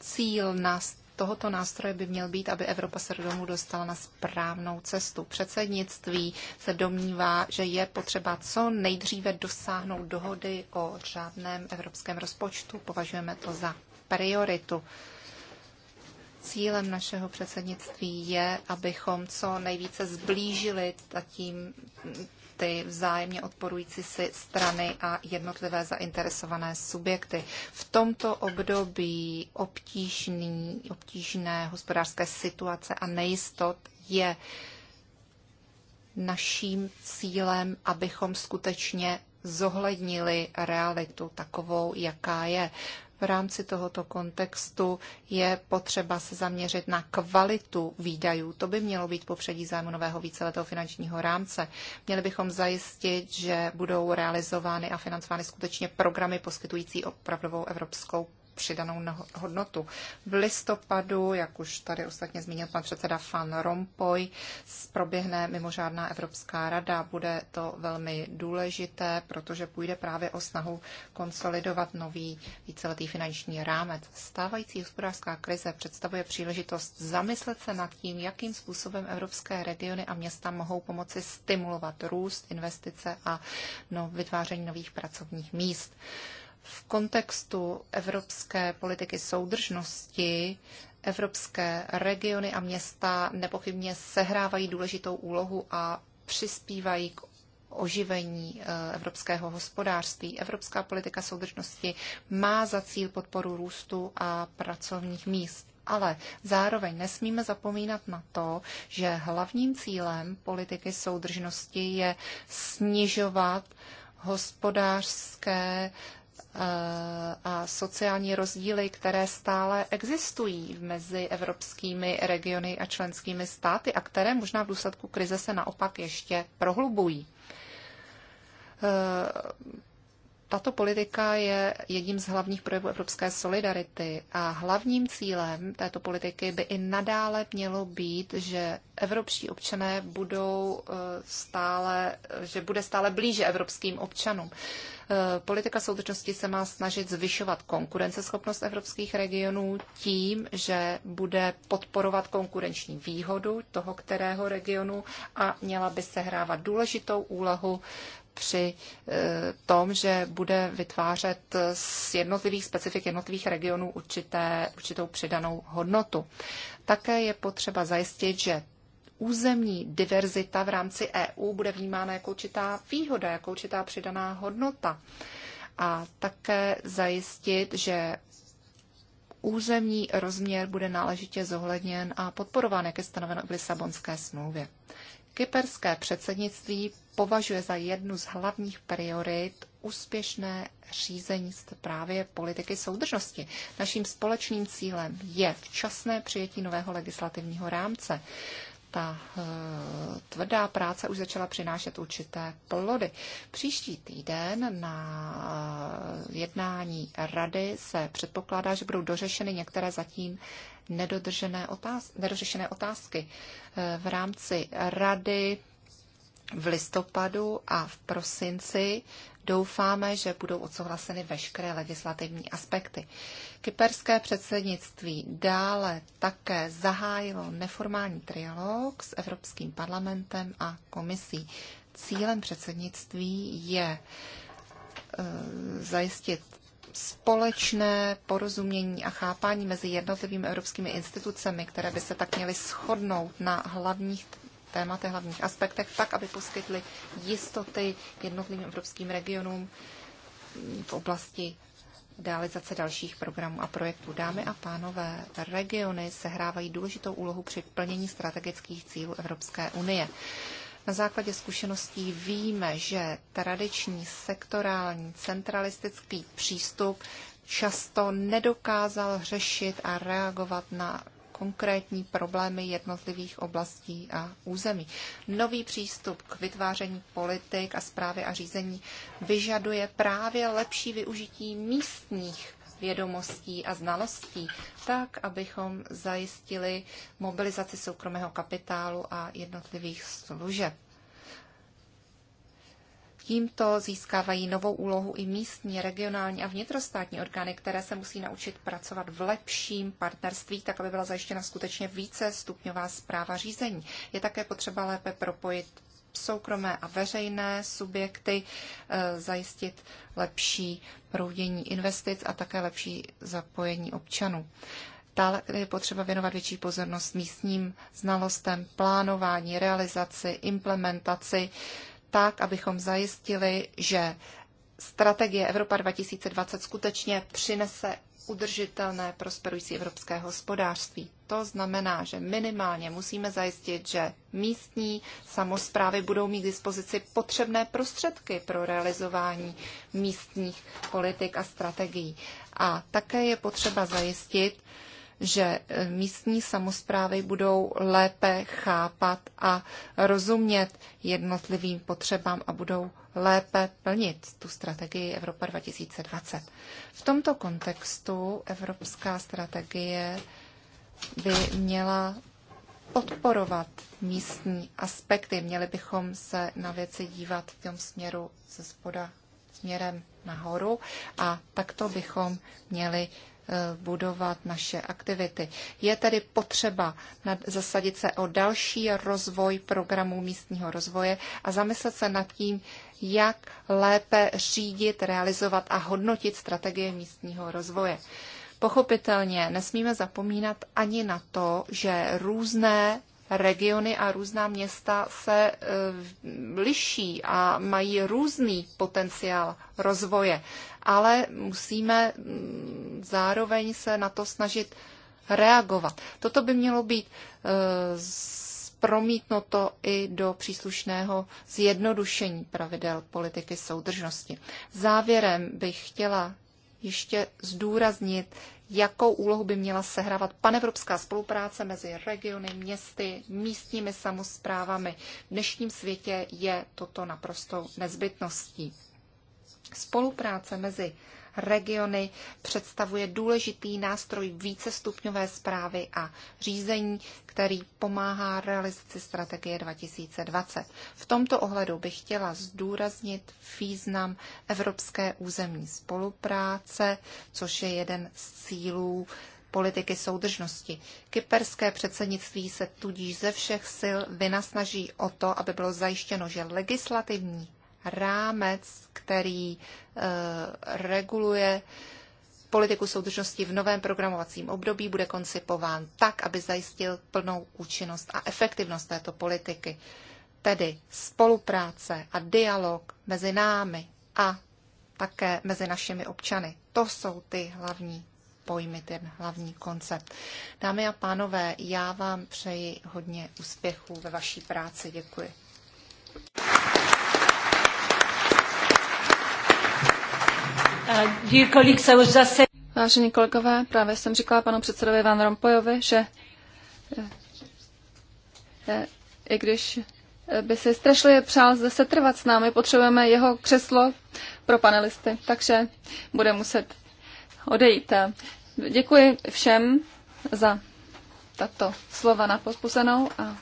Cíl nás, tohoto nástroje by měl být, aby Evropa se do domů dostala na správnou cestu. Předsednictví se domnívá, že je potřeba co nejdříve dosáhnout dohody o řádném evropském rozpočtu. Považujeme to za prioritu. Cílem našeho předsednictví je, abychom co nejvíce zblížili tím ty vzájemně odporující si strany a jednotlivé zainteresované subjekty. V tomto období obtížný, obtížné hospodářské situace a nejistot je naším cílem, abychom skutečně zohlednili realitu takovou, jaká je. V rámci tohoto kontextu je potřeba se zaměřit na kvalitu výdajů. To by mělo být popředí zájmu nového víceletého finančního rámce. Měli bychom zajistit, že budou realizovány a financovány skutečně programy poskytující opravdovou evropskou přidanou hodnotu. V listopadu, jak už tady ostatně zmínil pan předseda Fan Rompuy, proběhne mimořádná Evropská rada. Bude to velmi důležité, protože půjde právě o snahu konsolidovat nový víceletý finanční rámec. Stávající hospodářská krize představuje příležitost zamyslet se nad tím, jakým způsobem evropské regiony a města mohou pomoci stimulovat růst, investice a no, vytváření nových pracovních míst. V kontextu evropské politiky soudržnosti evropské regiony a města nepochybně sehrávají důležitou úlohu a přispívají k oživení eh, evropského hospodářství. Evropská politika soudržnosti má za cíl podporu růstu a pracovních míst. Ale zároveň nesmíme zapomínat na to, že hlavním cílem politiky soudržnosti je snižovat hospodářské Eh, a sociální rozdíly, které stále existují mezi evropskými regiony a členskými státy a které možná v důsledku krize se naopak ještě prohlubují. Eh, tato politika je jedním z hlavních projevů evropské solidarity a hlavním cílem této politiky by i nadále mělo být, že evropští občané budou eh, stále, že bude stále blíže evropským občanům. Eh, politika soudržnosti se má snažit zvyšovat konkurenceschopnost evropských regionů tím, že bude podporovat konkurenční výhodu toho kterého regionu a měla by se hrávat důležitou úlohu při eh, tom, že bude vytvářet z jednotlivých specifik jednotlivých regionů určité, určitou přidanou hodnotu. Také je potřeba zajistit, že územní diverzita v rámci EU bude vnímána jako určitá výhoda, jako určitá přidaná hodnota. A také zajistit, že územní rozměr bude náležitě zohledněn a podporován, jak je stanoveno v Lisabonské smlouvě. Kyperské předsednictví považuje za jednu z hlavních priorit úspěšné řízení právě politiky soudržnosti. Naším společným cílem je včasné přijetí nového legislativního rámce ta eh, tvrdá práce už začala přinášet určité plody. Příští týden na eh, jednání rady se předpokládá, že budou dořešeny některé zatím nedodržené otázky, nedořešené otázky. Eh, v rámci rady v listopadu a v prosinci Doufáme, že budou odsouhlaseny veškeré legislativní aspekty. Kyperské předsednictví dále také zahájilo neformální trialog s Evropským parlamentem a komisí. Cílem předsednictví je e, zajistit společné porozumění a chápání mezi jednotlivými evropskými institucemi, které by se tak měly shodnout na hlavních tématech, hlavních aspektech, tak, aby poskytly jistoty jednotlivým evropským regionům v oblasti realizace dalších programů a projektů. Dámy a pánové, regiony sehrávají důležitou úlohu při plnění strategických cílů Evropské unie. Na základě zkušeností víme, že tradiční sektorální centralistický přístup často nedokázal řešit a reagovat na konkrétní problémy jednotlivých oblastí a území. Nový přístup k vytváření politik a zprávy a řízení vyžaduje právě lepší využití místních vědomostí a znalostí, tak, abychom zajistili mobilizaci soukromého kapitálu a jednotlivých služeb. Tímto získávají novou úlohu i místní, regionální a vnitrostátní orgány, které se musí naučit pracovat v lepším partnerství, tak aby byla zajištěna skutečně více stupňová zpráva řízení. Je také potřeba lépe propojit soukromé a veřejné subjekty, e, zajistit lepší proudění investic a také lepší zapojení občanů. Dále je potřeba věnovat větší pozornost místním znalostem, plánování, realizaci, implementaci tak, abychom zajistili, že strategie Evropa 2020 skutečně přinese udržitelné prosperující evropské hospodářství. To znamená, že minimálně musíme zajistit, že místní samozprávy budou mít k dispozici potřebné prostředky pro realizování místních politik a strategií. A také je potřeba zajistit, že eh, místní samozprávy budou lépe chápat a rozumět jednotlivým potřebám a budou lépe plnit tu strategii Evropa 2020. V tomto kontextu evropská strategie by měla podporovat místní aspekty. Měli bychom se na věci dívat v tom směru ze spoda směrem nahoru a takto bychom měli Eh, budovat naše aktivity. Je tedy potřeba zasadit se o další rozvoj programů místního rozvoje a zamyslet se nad tím, jak lépe řídit, realizovat a hodnotit strategie místního rozvoje. Pochopitelně nesmíme zapomínat ani na to, že různé regiony a různá města se eh, liší a mají různý potenciál rozvoje, ale musíme mm, zároveň se na to snažit reagovat. Toto by mělo být e, promítnuto i do příslušného zjednodušení pravidel politiky soudržnosti. Závěrem bych chtěla ještě zdůraznit, jakou úlohu by měla sehrávat panevropská spolupráce mezi regiony, městy, místními samozprávami. V dnešním světě je toto naprosto nezbytností. Spolupráce mezi regiony, představuje důležitý nástroj vícestupňové zprávy a řízení, který pomáhá realizaci strategie 2020. V tomto ohledu bych chtěla zdůraznit význam Evropské územní spolupráce, což je jeden z cílů politiky soudržnosti. Kyperské předsednictví se tudíž ze všech sil vynasnaží o to, aby bylo zajištěno, že legislativní rámec, který eh, reguluje politiku soudržnosti v novém programovacím období, bude koncipován tak, aby zajistil plnou účinnost a efektivnost této politiky. Tedy spolupráce a dialog mezi námi a také mezi našimi občany. To jsou ty hlavní pojmy, ten hlavní koncept. Dámy a pánové, já vám přeji hodně úspěchů ve vaší práci. Děkuji. Uh, Vážení kolegové, právě jsem říkala panu předsedovi Van Rompojovi, že eh, eh, i když eh, by si strašlivě přál zde setrvat s námi, potřebujeme jeho křeslo pro panelisty, takže bude muset odejít. Děkuji všem za tato slova na pospusenou a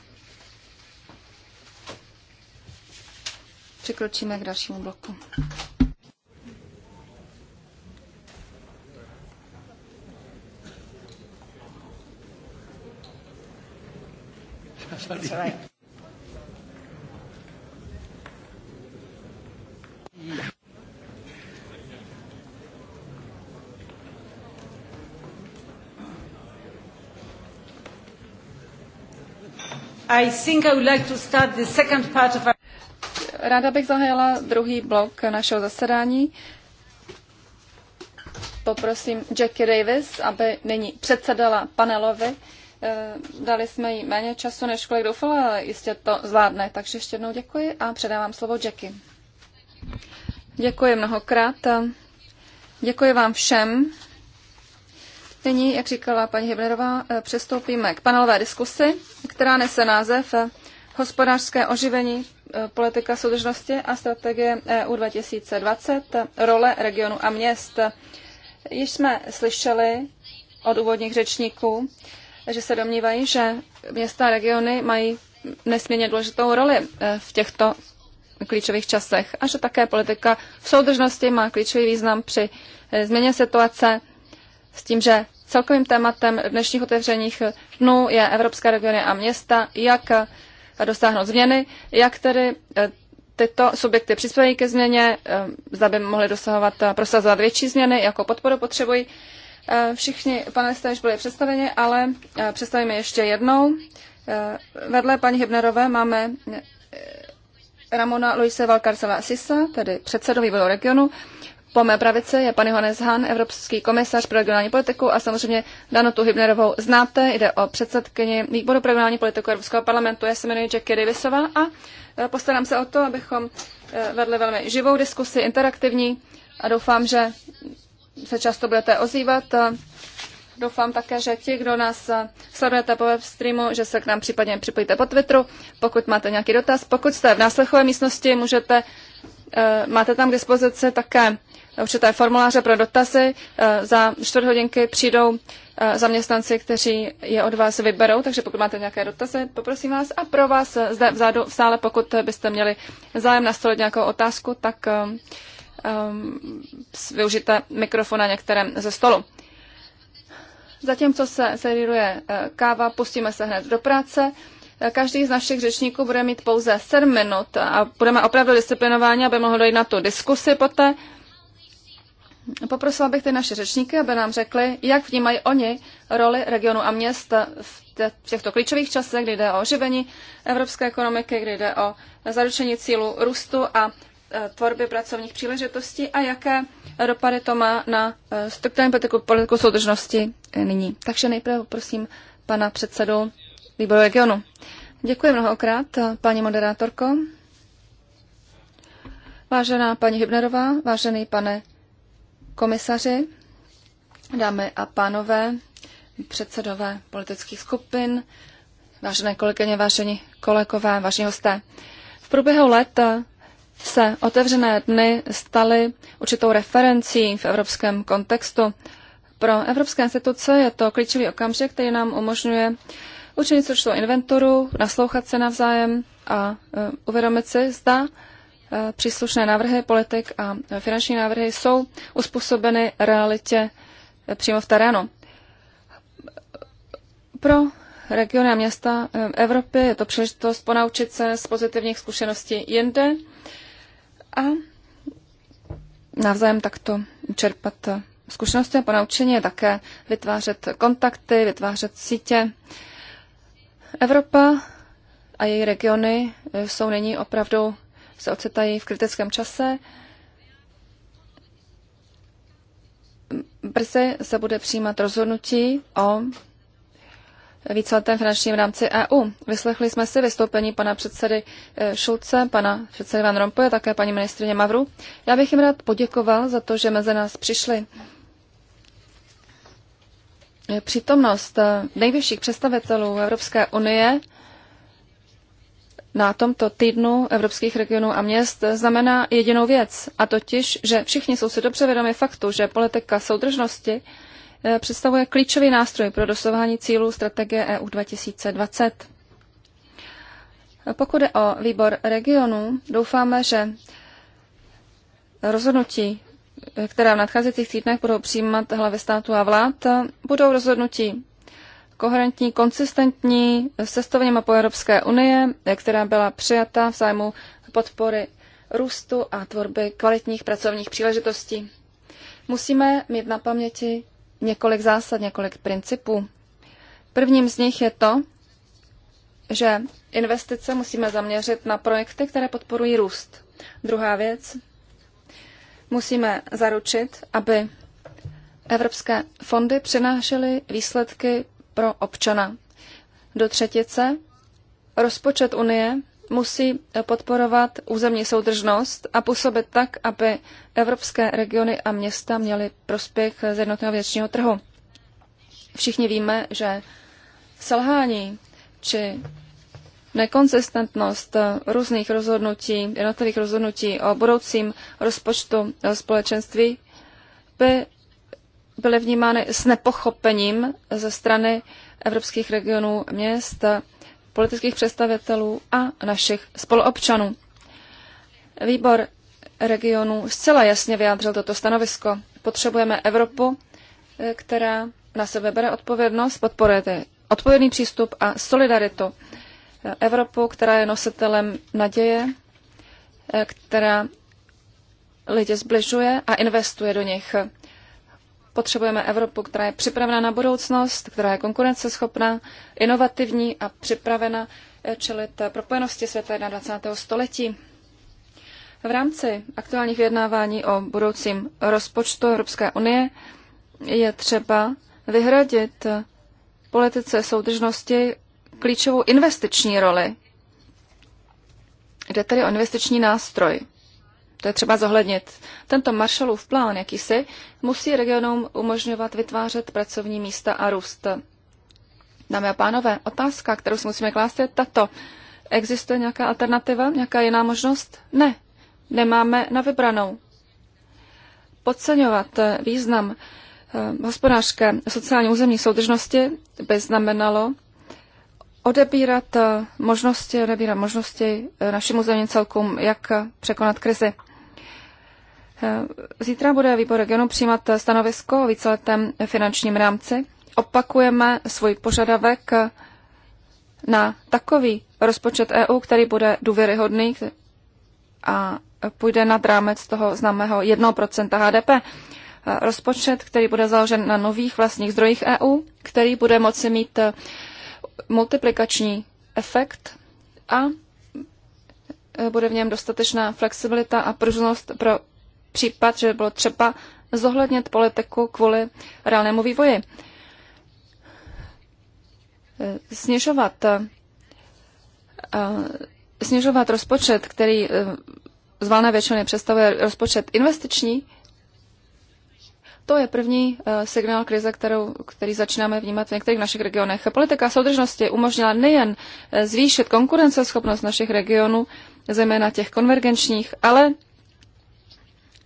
přikročíme k dalšímu bloku. That's all right. I think I would like to start the second part of our... Ráda bych zahájila druhý blok našeho zasedání. Poprosím Jackie Davis, aby nyní předsedala panelovi Eh, dali jsme jí méně času, než kolik doufala, ale jistě to zvládne. Takže ještě jednou děkuji a předávám slovo Jackie. Děkuji mnohokrát. Děkuji vám všem. Nyní, jak říkala paní Hibnerová, eh, přestoupíme k panelové diskusi, která nese název eh, Hospodářské oživení politika soudržnosti a strategie EU 2020, role regionu a měst. Již jsme slyšeli od úvodních řečníků, že se domnívají, že města a regiony mají nesmírně důležitou roli eh, v těchto klíčových časech a že také politika v soudržnosti má klíčový význam při eh, změně situace s tím, že celkovým tématem dnešních otevřených dnů je Evropské regiony a města, jak eh, dosáhnout změny, jak tedy tyto subjekty přispějí ke změně, zda by mohly dosahovat, prosazovat větší změny, jako podporu potřebují. Eh, všichni panelisté již byli představeni, ale eh, představíme ještě jednou. Eh, vedle paní Hybnerové máme Ramona Luise Valkarsová Sisa, tedy předsedu výboru regionu. Po mé pravici je pan Johannes Hahn, evropský komisař pro regionální politiku a samozřejmě Danotu Hybnerovou znáte, jde o předsedkyni výboru pro regionální politiku Evropského parlamentu, já se jmenuji Jackie Davisová a postarám se o to, abychom vedli velmi živou diskusi, interaktivní a doufám, že se často budete ozývat. Doufám také, že ti, kdo nás sledujete po streamu, že se k nám případně připojíte po Twitteru, pokud máte nějaký dotaz. Pokud jste v náslechové místnosti, můžete, eh, máte tam k dispozici také určité formuláře pro dotazy. Eh, za čtvrt hodinky přijdou eh, zaměstnanci, kteří je od vás vyberou, takže pokud máte nějaké dotazy, poprosím vás. A pro vás zde vzadu v sále, pokud byste měli zájem nastolit nějakou otázku, tak Um, využijte mikrofon na některém ze stolu. Zatímco se servíruje eh, káva, pustíme se hned do práce. Eh, každý z našich řečníků bude mít pouze 7 minut a budeme opravdu disciplinováni, aby mohlo dojít na tu diskusi poté. Poprosila bych ty naše řečníky, aby nám řekli, jak vnímají oni roli regionu a měst v těchto klíčových časech, kdy jde o oživení evropské ekonomiky, kdy jde o zaručení cílu růstu a Eh, tvorby pracovních příležitostí a jaké dopady to má na eh, strukturální politiku, politiku soudržnosti eh, nyní. Takže nejprve prosím pana předsedu výboru regionu. Děkuji mnohokrát, paní moderátorko. Vážená paní Hybnerová, vážený pane komisaři, dámy a pánové, předsedové politických skupin, vážené kolegyně, vážení kolegové, vážení hosté. V průběhu let se otevřené dny staly určitou referencí v evropském kontextu. Pro evropské instituce je to klíčový okamžik, který nám umožňuje učinit si určitou inventuru, naslouchat se navzájem a e, uvědomit si, zda e, příslušné návrhy politik a finanční návrhy jsou uspůsobeny realitě e, přímo v terénu. Pro regiony a města Evropy je to příležitost ponaučit se z pozitivních zkušeností jinde a navzájem takto čerpat zkušenosti a ponaučení je také vytvářet kontakty, vytvářet sítě. Evropa a její regiony jsou nyní opravdu, se ocitají v kritickém čase. Brzy se bude přijímat rozhodnutí o víceletém finančním rámci EU. Vyslechli jsme si vystoupení pana předsedy eh, Šulce, pana předsedy Van Rompuy a také paní ministrině Mavru. Já bych jim rád poděkoval za to, že mezi nás přišli. Eh, přítomnost eh, nejvyšších představitelů Evropské unie na tomto týdnu evropských regionů a měst znamená jedinou věc, a totiž, že všichni jsou si dobře vědomi faktu, že politika soudržnosti Eh, představuje klíčový nástroj pro dosování cílů strategie EU 2020. Pokud je o výbor regionu, doufáme, že rozhodnutí, která v nadcházejících týdnech budou přijímat hlavy státu a vlád, budou rozhodnutí koherentní, konsistentní s cestovním mapou Evropské unie, která byla přijata v zájmu podpory růstu a tvorby kvalitních pracovních příležitostí. Musíme mít na paměti několik zásad, několik principů. Prvním z nich je to, že investice musíme zaměřit na projekty, které podporují růst. Druhá věc, musíme zaručit, aby evropské fondy přinášely výsledky pro občana. Do třetice, rozpočet Unie musí podporovat územní soudržnost a působit tak, aby evropské regiony a města měly prospěch z jednotného věčního trhu. Všichni víme, že selhání či nekonzistentnost různých rozhodnutí, jednotlivých rozhodnutí o budoucím rozpočtu společenství by byly vnímány s nepochopením ze strany evropských regionů měst politických představitelů a našich spoluobčanů. Výbor regionů zcela jasně vyjádřil toto stanovisko. Potřebujeme Evropu, eh, která na sebe bere odpovědnost, podporuje odpovědný přístup a solidaritu. Eh, Evropu, která je nositelem naděje, eh, která lidi zbližuje a investuje do nich. Potřebujeme Evropu, která je připravena na budoucnost, která je konkurenceschopná, inovativní a připravena eh, čelit eh, propojenosti světa 21. století. V rámci aktuálních vyjednávání o budoucím rozpočtu Evropské unie je třeba vyhradit eh, politice soudržnosti klíčovou investiční roli. Jde tedy o investiční nástroj to je třeba zohlednit. Tento Marshallův plán jakýsi musí regionům umožňovat vytvářet pracovní místa a růst. Dámy a pánové, otázka, kterou si musíme klást, je tato. Existuje nějaká alternativa, nějaká jiná možnost? Ne, nemáme na vybranou. Podceňovat význam eh, hospodářské sociální územní soudržnosti by znamenalo odebírat eh, možnosti, odebírat možnosti eh, našim územním celkům, jak překonat krizi. Eh, zítra bude výbor regionu přijímat stanovisko o víceletém finančním rámci. Opakujeme svůj požadavek eh, na takový rozpočet EU, který bude důvěryhodný a půjde nad rámec toho známého 1% HDP. Eh, rozpočet, který bude založen na nových vlastních zdrojích EU, který bude moci mít multiplikační efekt a bude v něm dostatečná flexibilita a pružnost pro případ, že bylo třeba zohlednit politiku kvůli reálnému vývoji. Snižovat, eh, snižovat rozpočet, který eh, z valné většiny představuje rozpočet investiční, to je první eh, signál krize, kterou, který začínáme vnímat v některých našich regionech. Politika soudržnosti umožnila nejen zvýšit konkurenceschopnost našich regionů, zejména těch konvergenčních, ale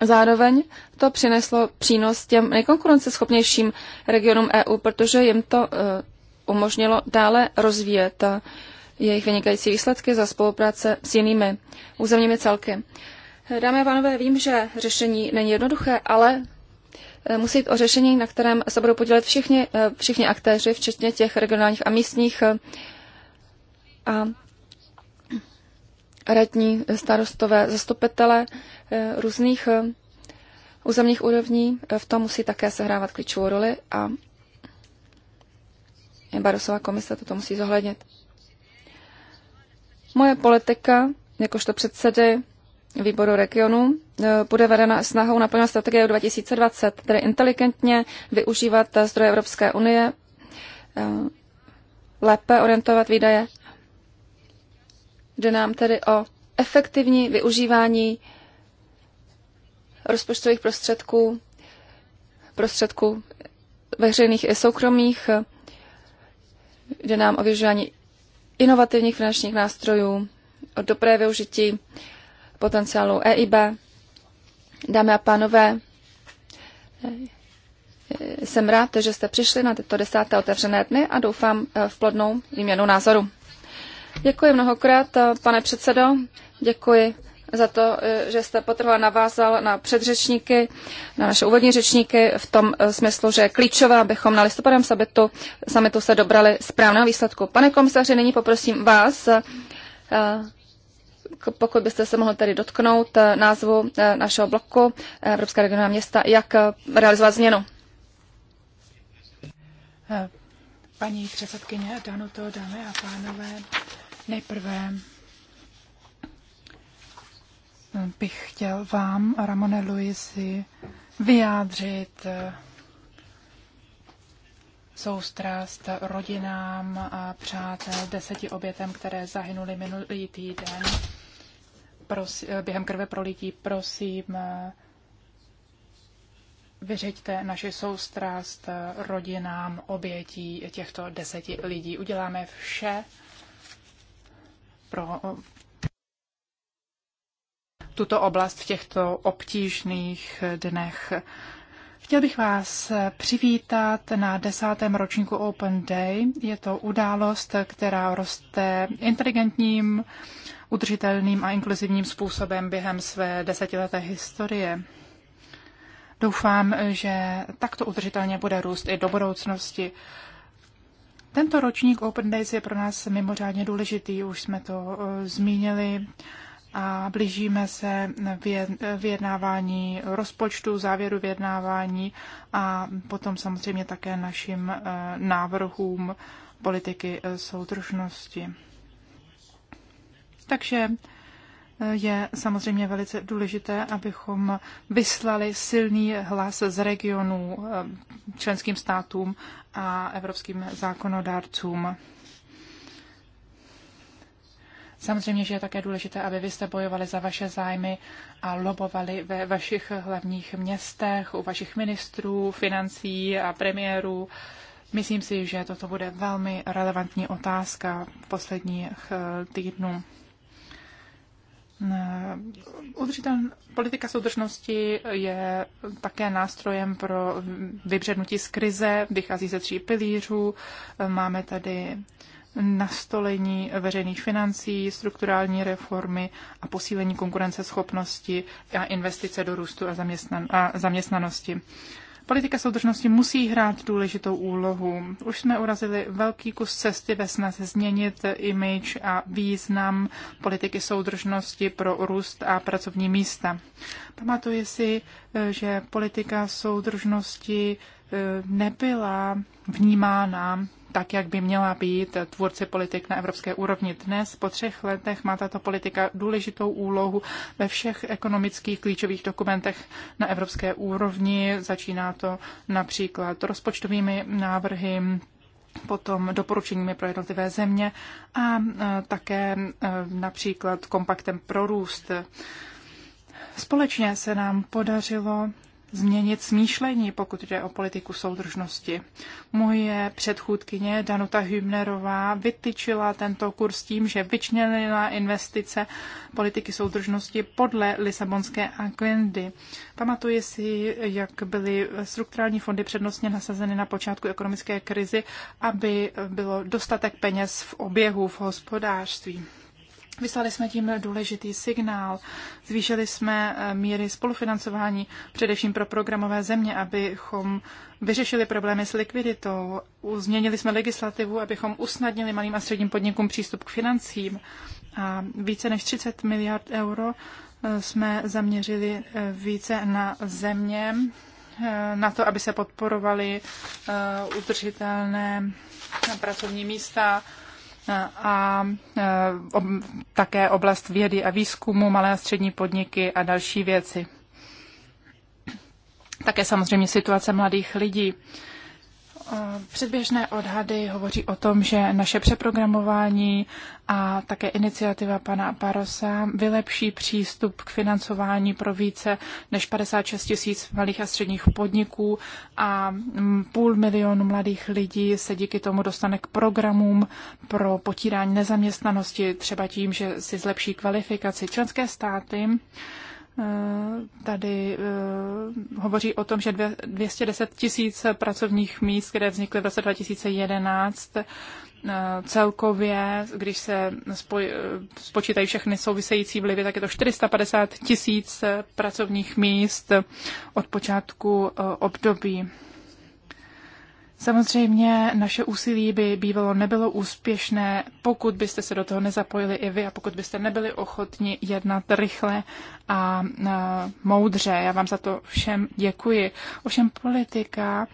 Zároveň to přineslo přínos těm nejkonkurenceschopnějším regionům EU, protože jim to e, umožnilo dále rozvíjet e, jejich vynikající výsledky za spolupráce s jinými územními celky. Dámy a pánové, vím, že řešení není jednoduché, ale e, musí jít o řešení, na kterém se budou podílet všichni, všichni aktéři, včetně těch regionálních a místních a radní starostové zastupitele, Eh, různých eh, územních úrovní eh, v tom musí také sehrávat klíčovou roli a Barosová komise toto musí zohlednit. Moje politika, jakožto předsedy výboru regionu, bude vedena snahou naplňovat strategii 2020, tedy inteligentně využívat zdroje Evropské unie, lépe orientovat výdaje. Jde nám tedy o efektivní využívání rozpočtových prostředků, prostředků veřejných i soukromých. Jde nám o využívání inovativních finančních nástrojů, o dobré využití potenciálu EIB. Dámy a pánové, jsem rád, že jste přišli na tyto desáté otevřené dny a doufám eh, v plodnou výměnu názoru. Děkuji mnohokrát, eh, pane předsedo. Děkuji za to, e, že jste potrhle navázal na předřečníky, na naše úvodní řečníky v tom e, smyslu, že je klíčové, abychom na listopadem sabitu, samitu se dobrali správného výsledku. Pane komisaři, nyní poprosím vás, e, pokud byste se mohl tady dotknout názvu našeho bloku Evropská regionální města, jak realizovat změnu. Paní předsedkyně Danuto, dámy a pánové, nejprve bych chtěl vám, Ramone Luisi, vyjádřit eh, soustrast rodinám a přátel deseti obětem, které zahynuli minulý týden Prosi, eh, během krve prolití. Prosím, eh, vyřeďte naši soustrast rodinám obětí těchto deseti lidí. Uděláme vše pro tuto oblast v těchto obtížných dnech. Chtěl bych vás přivítat na desátém ročníku Open Day. Je to událost, která roste inteligentním, udržitelným a inkluzivním způsobem během své desetileté historie. Doufám, že takto udržitelně bude růst i do budoucnosti. Tento ročník Open Days je pro nás mimořádně důležitý, už jsme to eh, zmínili a blížíme se vyjednávání rozpočtu, závěru vyjednávání a potom samozřejmě také našim eh, návrhům politiky eh, soudržnosti. Takže eh, je samozřejmě velice důležité, abychom vyslali silný hlas z regionů členským státům a evropským zákonodárcům. Samozřejmě, že je také důležité, aby vy jste bojovali za vaše zájmy a lobovali ve vašich hlavních městech, u vašich ministrů, financí a premiérů. Myslím si, že toto bude velmi relevantní otázka v posledních eh, týdnů. Udržitel, politika soudržnosti je také nástrojem pro vybřednutí z krize, vychází ze tří pilířů. Máme tady nastolení veřejných financí, strukturální reformy a posílení konkurenceschopnosti a investice do růstu a, zaměstnan- a zaměstnanosti. Politika soudržnosti musí hrát důležitou úlohu. Už jsme urazili velký kus cesty ve snaze změnit image a význam politiky soudržnosti pro růst a pracovní místa. Pamatuje si, že politika soudržnosti eh, nebyla vnímána tak, jak by měla být tvůrci politik na evropské úrovni. Dnes po třech letech má tato politika důležitou úlohu ve všech ekonomických klíčových dokumentech na evropské úrovni. Začíná to například rozpočtovými návrhy, potom doporučeními pro jednotlivé země a také například kompaktem pro růst. Společně se nám podařilo změnit smýšlení, pokud jde o politiku soudržnosti. Moje předchůdkyně Danuta Hübnerová vytyčila tento kurz tím, že vyčněnila investice politiky soudržnosti podle Lisabonské agendy. Pamatuji si, jak byly strukturální fondy přednostně nasazeny na počátku ekonomické krizi, aby bylo dostatek peněz v oběhu v hospodářství. Vyslali jsme tím důležitý signál. Zvýšili jsme eh, míry spolufinancování především pro programové země, abychom vyřešili problémy s likviditou. Změnili jsme legislativu, abychom usnadnili malým a středním podnikům přístup k financím. A více než 30 miliard euro eh, jsme zaměřili eh, více na země, na to, aby se podporovaly udržitelné pracovní místa, a také oblast vědy a výzkumu, malé a střední podniky a další věci. Také samozřejmě situace mladých lidí. Předběžné odhady hovoří o tom, že naše přeprogramování a také iniciativa pana Parosa vylepší přístup k financování pro více než 56 tisíc malých a středních podniků a půl milionu mladých lidí se díky tomu dostane k programům pro potírání nezaměstnanosti, třeba tím, že si zlepší kvalifikaci. Členské státy Eh, tady eh, hovoří o tom, že 210 tisíc pracovních míst, které vznikly v roce 2011, eh, celkově, když se spoj, spočítají všechny související vlivy, tak je to 450 tisíc pracovních míst od počátku období. Samozřejmě naše úsilí by bývalo nebylo úspěšné, pokud byste se do toho nezapojili i vy a pokud byste nebyli ochotni jednat rychle a moudře. Já vám za to všem děkuji. Ovšem politika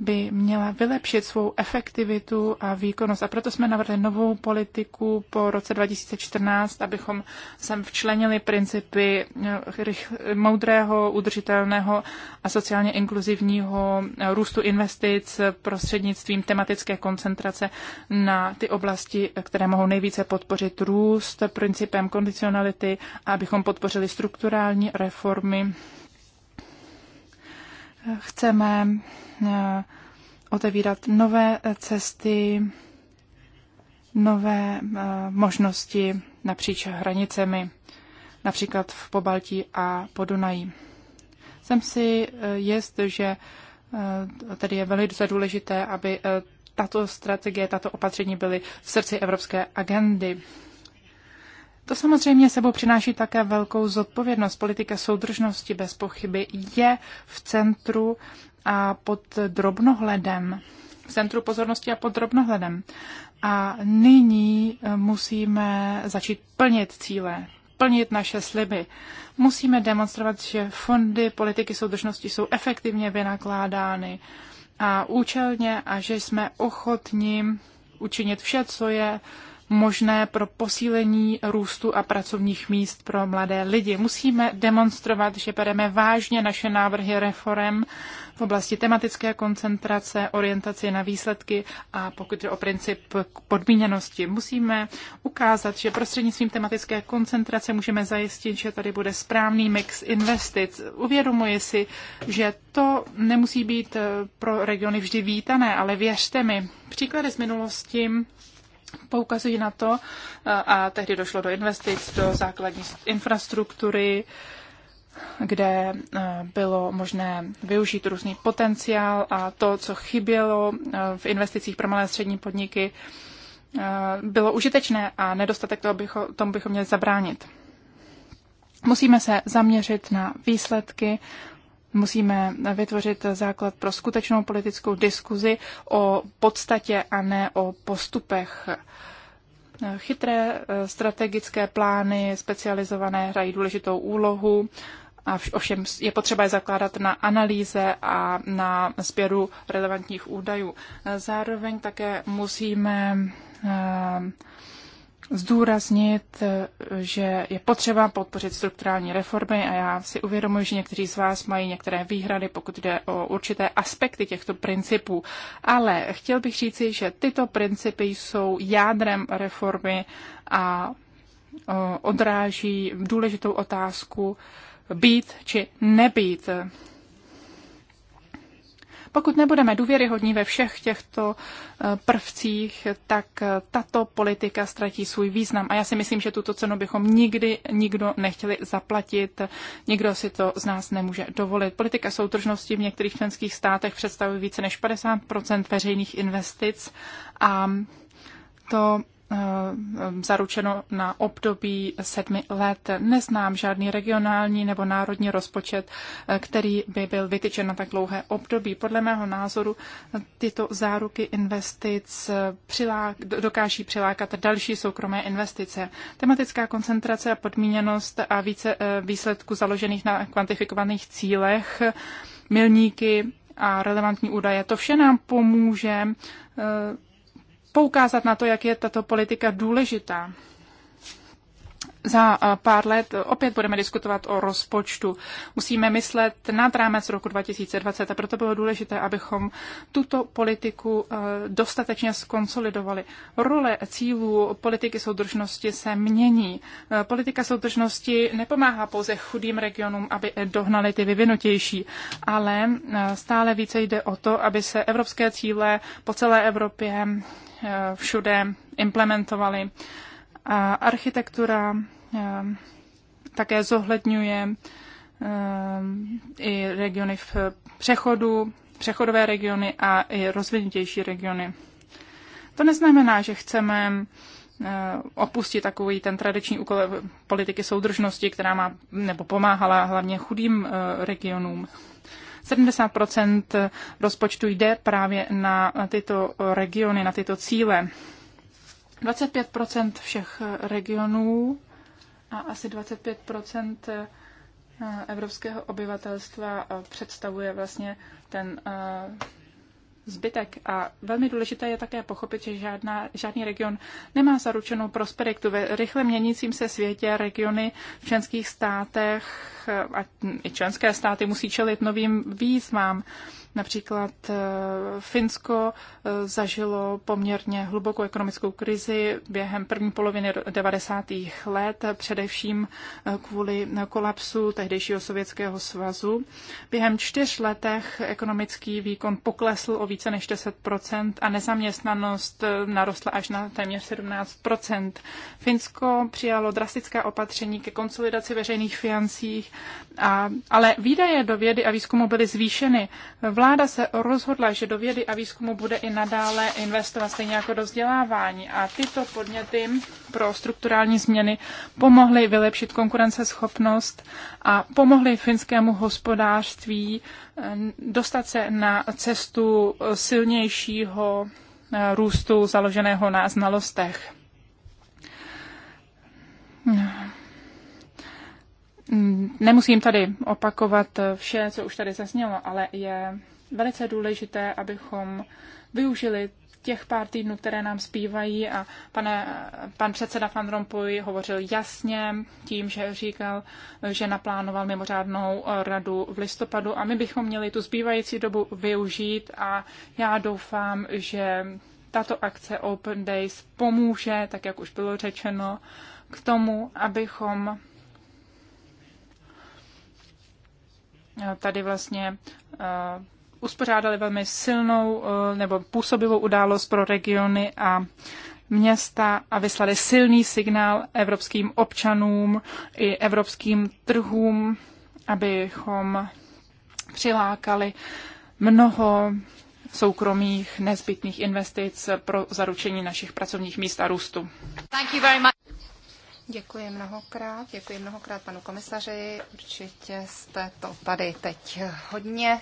by měla vylepšit svou efektivitu a výkonnost. A proto jsme navrhli novou politiku po roce 2014, abychom sem včlenili principy eh, moudrého, udržitelného a sociálně inkluzivního eh, růstu investic prostřednictvím tematické koncentrace na ty oblasti, které mohou nejvíce podpořit růst principem kondicionality a abychom podpořili strukturální reformy Chceme eh, otevírat nové eh, cesty, nové eh, možnosti napříč hranicemi, například v Pobaltí a Podunají. Jsem si jist, že tady je velice důležité, aby tato strategie, tato opatření byly v srdci evropské agendy. To samozřejmě sebou přináší také velkou zodpovědnost. Politika soudržnosti bez pochyby je v centru a pod drobnohledem. V centru pozornosti a pod drobnohledem. A nyní eh, musíme začít plnit cíle, plnit naše sliby. Musíme demonstrovat, že fondy politiky soudržnosti jsou efektivně vynakládány a účelně a že jsme ochotní učinit vše, co je možné pro posílení růstu a pracovních míst pro mladé lidi. Musíme demonstrovat, že bereme vážně naše návrhy reform v oblasti tematické koncentrace, orientaci na výsledky a pokud je o princip podmíněnosti. Musíme ukázat, že prostřednictvím tematické koncentrace můžeme zajistit, že tady bude správný mix investic. Uvědomuji si, že to nemusí být pro regiony vždy vítané, ale věřte mi, příklady z minulosti poukazují na to, eh, a tehdy došlo do investic do základní infrastruktury, kde eh, bylo možné využít různý potenciál a to, co chybělo eh, v investicích pro malé a střední podniky, bylo užitečné a nedostatek toho bychom, tomu bychom měli zabránit. Musíme se zaměřit na výsledky Musíme vytvořit základ pro skutečnou politickou diskuzi o podstatě a ne o postupech. Chytré eh, strategické plány, specializované, hrají důležitou úlohu. A ovšem je potřeba je zakládat na analýze a na sběru relevantních údajů. Zároveň také musíme eh, zdůraznit, eh, že je potřeba podpořit strukturální reformy a já si uvědomuji, že někteří z vás mají některé výhrady, pokud jde o určité aspekty těchto principů. Ale chtěl bych říci, že tyto principy jsou jádrem reformy a eh, odráží důležitou otázku být či nebýt. Pokud nebudeme důvěryhodní ve všech těchto eh, prvcích, tak eh, tato politika ztratí svůj význam. A já si myslím, že tuto cenu bychom nikdy nikdo nechtěli zaplatit. Nikdo si to z nás nemůže dovolit. Politika soudržnosti v některých členských státech představuje více než 50 veřejných investic a to Eh, zaručeno na období sedmi let. Neznám žádný regionální nebo národní rozpočet, eh, který by byl vytyčen na tak dlouhé období. Podle mého názoru eh, tyto záruky investic přilák, dokáží přilákat další soukromé investice. Tematická koncentrace a podmíněnost a více výsledků založených na kvantifikovaných cílech, milníky a relevantní údaje. To vše nám pomůže poukázat na to, jak je tato politika důležitá. Za eh, pár let opět budeme diskutovat o rozpočtu. Musíme myslet nad rámec roku 2020 a proto bylo důležité, abychom tuto politiku eh, dostatečně skonsolidovali. Role cílů politiky soudržnosti se mění. Eh, politika soudržnosti nepomáhá pouze chudým regionům, aby dohnali ty vyvinutější, ale stále více jde o to, aby se evropské cíle po celé Evropě Eh, všude implementovali. A architektura eh, také zohledňuje eh, i regiony v přechodu, přechodové regiony a i rozvinutější regiony. To neznamená, že chceme opustit takový ten tradiční úkol politiky soudržnosti, která má nebo pomáhala hlavně chudým regionům. 70 rozpočtu jde právě na tyto regiony, na tyto cíle. 25 všech regionů a asi 25 evropského obyvatelstva představuje vlastně ten eh, zbytek. A velmi důležité je také pochopit, že žádná, žádný region nemá zaručenou prosperitu. Ve rychle měnícím se světě regiony v členských státech eh, a i členské státy musí čelit novým výzvám. Například eh, Finsko eh, zažilo poměrně hlubokou ekonomickou krizi během první poloviny 90. let, především eh, kvůli kolapsu tehdejšího Sovětského svazu. Během čtyř letech ekonomický výkon poklesl o více než 10 a nezaměstnanost narostla až na téměř 17 Finsko přijalo drastická opatření ke konsolidaci veřejných financí, a, ale výdaje do vědy a výzkumu byly zvýšeny. Vlá Vláda se rozhodla, že do vědy a výzkumu bude i nadále investovat stejně jako do vzdělávání a tyto podněty pro strukturální změny pomohly vylepšit konkurenceschopnost a pomohly finskému hospodářství eh, dostat se na cestu silnějšího eh, růstu založeného na znalostech. Nemusím tady opakovat eh, vše, co už tady zaznělo, ale je velice důležité, abychom využili těch pár týdnů, které nám zpívají a pane, pan předseda Van Rompuy hovořil jasně tím, že říkal, že naplánoval mimořádnou radu v listopadu a my bychom měli tu zbývající dobu využít a já doufám, že tato akce Open Days pomůže, tak jak už bylo řečeno, k tomu, abychom tady vlastně eh, uspořádali velmi silnou eh, nebo působivou událost pro regiony a města a vyslali silný signál evropským občanům i evropským trhům, abychom přilákali mnoho soukromých nezbytných investic pro zaručení našich pracovních míst a růstu. Thank you very much. Děkuji mnohokrát, děkuji mnohokrát panu komisaři. Určitě jste to tady teď hodně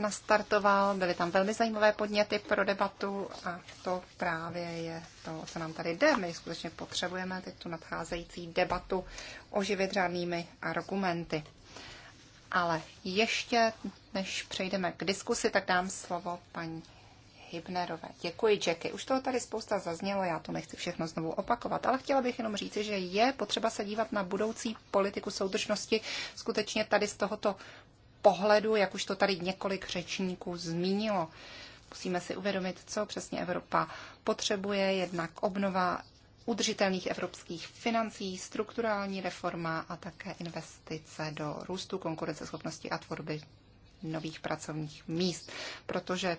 nastartoval. Byly tam velmi zajímavé podněty pro debatu a to právě je to, co nám tady jde. My skutečně potřebujeme teď tu nadcházející debatu oživit řádnými argumenty. Ale ještě, než přejdeme k diskusi, tak dám slovo paní Hybnerové. Děkuji, Jacky. Už toho tady spousta zaznělo, já to nechci všechno znovu opakovat, ale chtěla bych jenom říci, že je potřeba se dívat na budoucí politiku soudržnosti skutečně tady z tohoto pohledu, jak už to tady několik řečníků zmínilo. Musíme si uvědomit, co přesně Evropa potřebuje, jednak obnova udržitelných evropských financí, strukturální reforma a také investice do růstu, konkurenceschopnosti a tvorby nových pracovních míst. Protože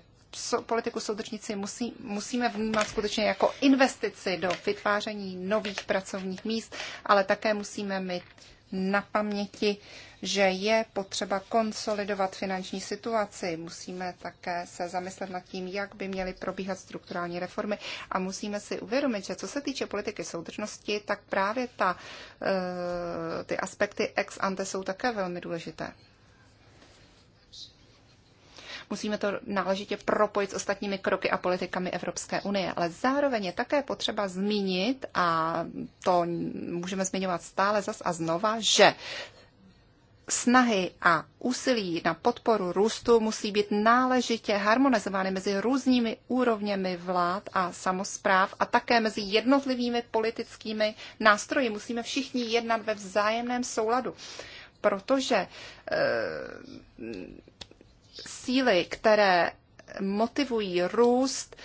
politiku soudržnici musí, musíme vnímat skutečně jako investici do vytváření nových pracovních míst, ale také musíme mít na paměti, že je potřeba konsolidovat finanční situaci. Musíme také se zamyslet nad tím, jak by měly probíhat strukturální reformy a musíme si uvědomit, že co se týče politiky soudržnosti, tak právě ta, eh, ty aspekty ex ante jsou také velmi důležité. Musíme to náležitě propojit s ostatními kroky a politikami Evropské unie. Ale zároveň je také potřeba zmínit, a to můžeme zmiňovat stále zas a znova, že snahy a úsilí na podporu růstu musí být náležitě harmonizovány mezi různými úrovněmi vlád a samozpráv a také mezi jednotlivými politickými nástroji. Musíme všichni jednat ve vzájemném souladu, protože e, síly, které motivují růst,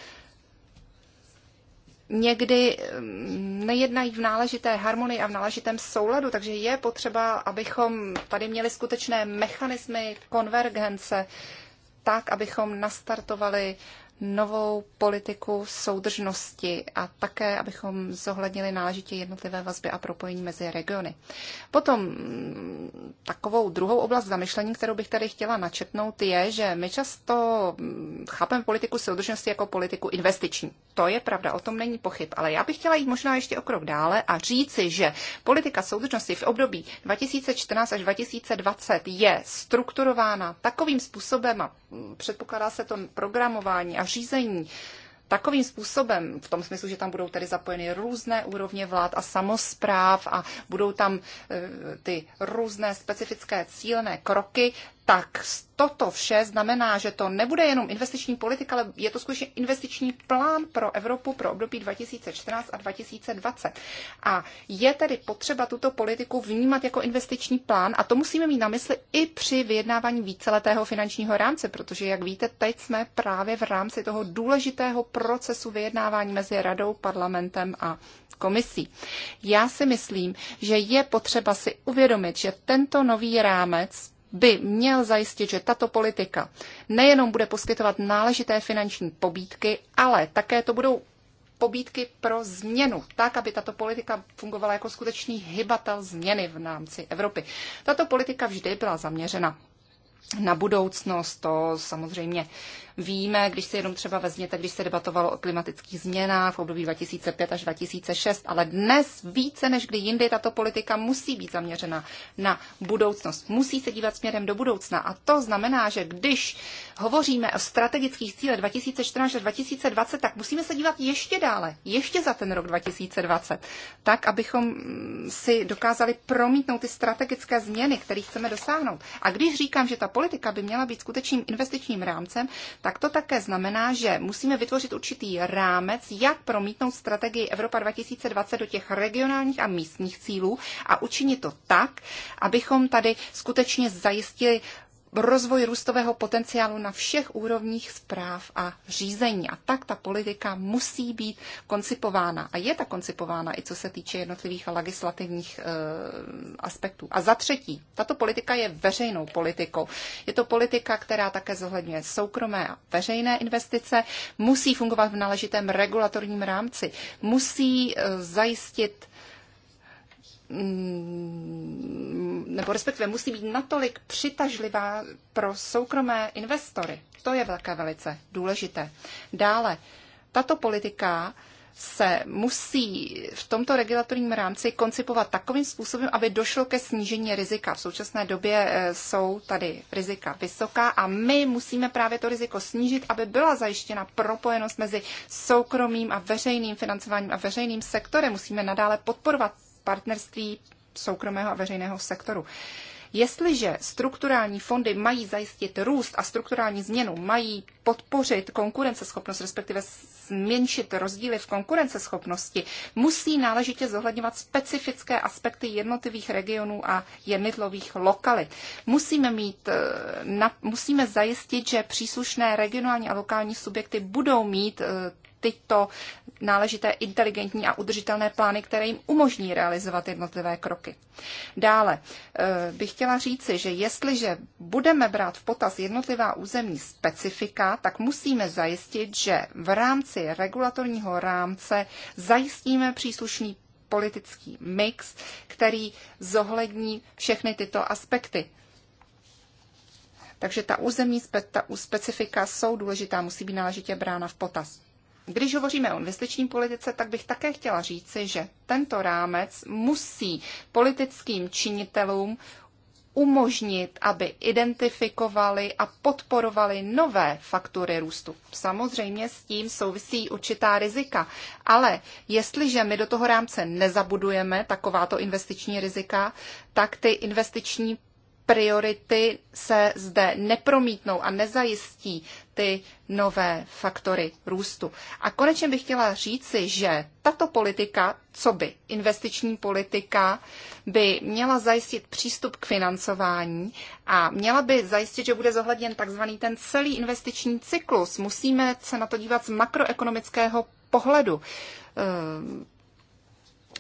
někdy mm, nejednají v náležité harmonii a v náležitém souladu, takže je potřeba, abychom tady měli skutečné mechanismy konvergence, tak, abychom nastartovali novou politiku soudržnosti a také, abychom zohlednili náležitě jednotlivé vazby a propojení mezi regiony. Potom mm, takovou druhou oblast zamyšlení, kterou bych tady chtěla načetnout, je, že my často mm, chápeme politiku soudržnosti jako politiku investiční. To je pravda, o tom není pochyb, ale já bych chtěla jít možná ještě o krok dále a říci, že politika soudržnosti v období 2014 až 2020 je strukturována takovým způsobem a mm, předpokládá se to programování a nařízení takovým způsobem, v tom smyslu, že tam budou tedy zapojeny různé úrovně vlád a samozpráv a budou tam eh, ty různé specifické cílné kroky, tak toto vše znamená, že to nebude jenom investiční politika, ale je to skutečně investiční plán pro Evropu pro období 2014 a 2020. A je tedy potřeba tuto politiku vnímat jako investiční plán a to musíme mít na mysli i při vyjednávání víceletého finančního rámce, protože, jak víte, teď jsme právě v rámci toho důležitého procesu vyjednávání mezi radou, parlamentem a komisí. Já si myslím, že je potřeba si uvědomit, že tento nový rámec by měl zajistit, že tato politika nejenom bude poskytovat náležité finanční pobídky, ale také to budou pobídky pro změnu, tak, aby tato politika fungovala jako skutečný hybatel změny v rámci Evropy. Tato politika vždy byla zaměřena na budoucnost, to samozřejmě víme, když se jenom třeba vezměte, když se debatovalo o klimatických změnách v období 2005 až 2006, ale dnes více než kdy jindy tato politika musí být zaměřena na budoucnost, musí se dívat směrem do budoucna. A to znamená, že když hovoříme o strategických cílech 2014 až 2020, tak musíme se dívat ještě dále, ještě za ten rok 2020, tak, abychom mm, si dokázali promítnout ty strategické změny, které chceme dosáhnout. A když říkám, že ta politika by měla být skutečným investičním rámcem, tak to také znamená, že musíme vytvořit určitý rámec, jak promítnout strategii Evropa 2020 do těch regionálních a místních cílů a učinit to tak, abychom tady skutečně zajistili rozvoj růstového potenciálu na všech úrovních zpráv a řízení. A tak ta politika musí být koncipována. A je ta koncipována i co se týče jednotlivých legislativních e, aspektů. A za třetí, tato politika je veřejnou politikou. Je to politika, která také zohledňuje soukromé a veřejné investice, musí fungovat v náležitém regulatorním rámci, musí e, zajistit Mm, nebo respektive musí být natolik přitažlivá pro soukromé investory. To je velké velice důležité. Dále, tato politika se musí v tomto regulatorním rámci koncipovat takovým způsobem, aby došlo ke snížení rizika. V současné době eh, jsou tady rizika vysoká a my musíme právě to riziko snížit, aby byla zajištěna propojenost mezi soukromým a veřejným financováním a veřejným sektorem. Musíme nadále podporovat partnerství soukromého a veřejného sektoru. Jestliže strukturální fondy mají zajistit růst a strukturální změnu, mají podpořit konkurenceschopnost, respektive zmenšit rozdíly v konkurenceschopnosti, musí náležitě zohledňovat specifické aspekty jednotlivých regionů a jednotlivých lokalit. Musíme, mít, eh, na, musíme zajistit, že příslušné regionální a lokální subjekty budou mít eh, tyto náležité inteligentní a udržitelné plány, které jim umožní realizovat jednotlivé kroky. Dále eh, bych chtěla říci, že jestliže budeme brát v potaz jednotlivá územní specifika, tak musíme zajistit, že v rámci regulatorního rámce zajistíme příslušný politický mix, který zohlední všechny tyto aspekty. Takže ta územní spe, ta specifika jsou důležitá, musí být náležitě brána v potaz. Když hovoříme o investiční politice, tak bych také chtěla říci, že tento rámec musí politickým činitelům umožnit, aby identifikovali a podporovali nové faktory růstu. Samozřejmě s tím souvisí určitá rizika, ale jestliže my do toho rámce nezabudujeme takováto investiční rizika, tak ty investiční priority se zde nepromítnou a nezajistí ty nové faktory růstu. A konečně bych chtěla říci, že tato politika, co by investiční politika, by měla zajistit přístup k financování a měla by zajistit, že bude zohledněn takzvaný ten celý investiční cyklus. Musíme se na to dívat z makroekonomického pohledu, ehm,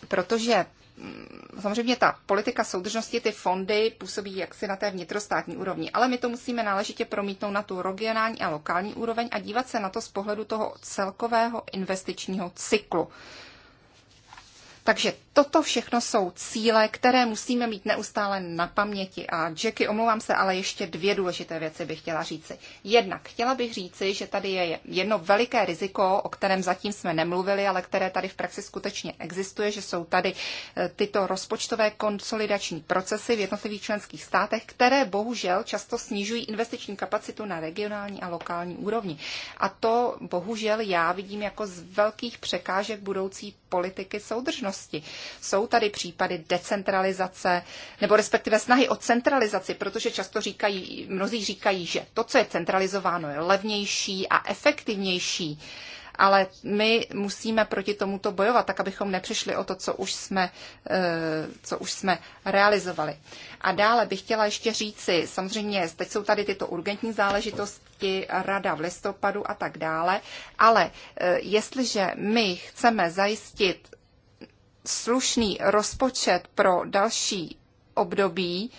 protože samozřejmě ta politika soudržnosti, ty fondy působí jaksi na té vnitrostátní úrovni, ale my to musíme náležitě promítnout na tu regionální a lokální úroveň a dívat se na to z pohledu toho celkového investičního cyklu. Takže toto všechno jsou cíle, které musíme mít neustále na paměti. A Jackie, omlouvám se, ale ještě dvě důležité věci bych chtěla říci. Jednak chtěla bych říci, že tady je jedno veliké riziko, o kterém zatím jsme nemluvili, ale které tady v praxi skutečně existuje, že jsou tady eh, tyto rozpočtové konsolidační procesy v jednotlivých členských státech, které bohužel často snižují investiční kapacitu na regionální a lokální úrovni. A to bohužel já vidím jako z velkých překážek budoucí politiky soudržnosti. Jsou tady případy decentralizace, nebo respektive snahy o centralizaci, protože často říkají, mnozí říkají, že to, co je centralizováno, je levnější a efektivnější ale my musíme proti tomuto bojovat, tak abychom nepřišli o to, co už jsme, eh, co už jsme realizovali. A dále bych chtěla ještě říci, samozřejmě teď jsou tady tyto urgentní záležitosti, rada v listopadu a tak dále, ale eh, jestliže my chceme zajistit slušný rozpočet pro další období,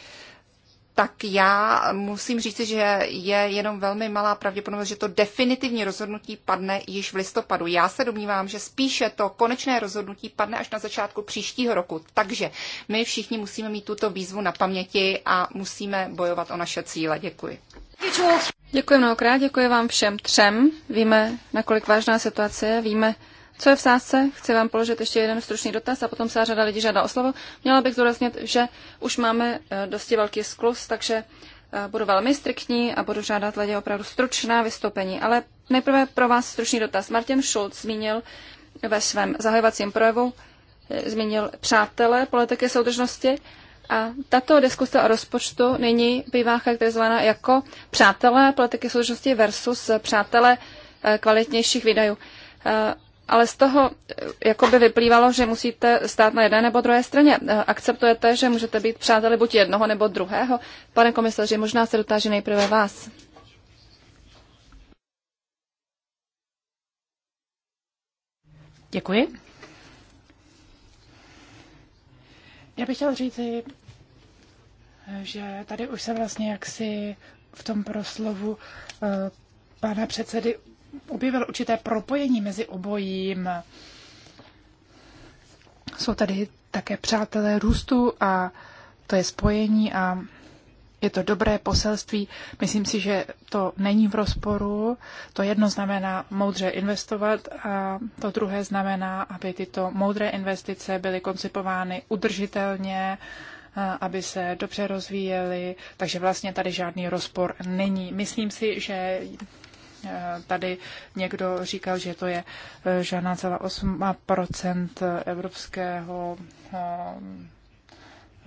tak já musím říct, že je jenom velmi malá pravděpodobnost, že to definitivní rozhodnutí padne již v listopadu. Já se domnívám, že spíše to konečné rozhodnutí padne až na začátku příštího roku. Takže my všichni musíme mít tuto výzvu na paměti a musíme bojovat o naše cíle. Děkuji. Děkuji mnohokrát, děkuji vám všem třem. Víme, nakolik vážná situace je, víme, co je v sázce? Chci vám položit ještě jeden stručný dotaz a potom se řada lidí žádá o slovo. Měla bych zdůraznit, že už máme eh, dosti velký sklus, takže eh, budu velmi striktní a budu žádat lidi opravdu stručná vystoupení. Ale nejprve pro vás stručný dotaz. Martin Schulz zmínil ve svém zahajovacím projevu, eh, zmínil přátelé politiky soudržnosti a tato diskuse o rozpočtu nyní bývá charakterizována jako přátelé politiky soudržnosti versus přátelé kvalitnějších výdajů ale z toho eh, jako by vyplývalo, že musíte stát na jedné nebo druhé straně. Eh, Akceptujete, že můžete být přáteli buď jednoho nebo druhého? Pane komisaři, možná se dotáží nejprve vás. Děkuji. Já bych chtěl říci, že tady už se vlastně jaksi v tom proslovu eh, pana předsedy objevil určité propojení mezi obojím. Jsou tady také přátelé růstu a to je spojení a je to dobré poselství. Myslím si, že to není v rozporu. To jedno znamená moudře investovat a to druhé znamená, aby tyto moudré investice byly koncipovány udržitelně, aby se dobře rozvíjely, takže vlastně tady žádný rozpor není. Myslím si, že Tady někdo říkal, že to je eh, žádná celá 8% evropského eh,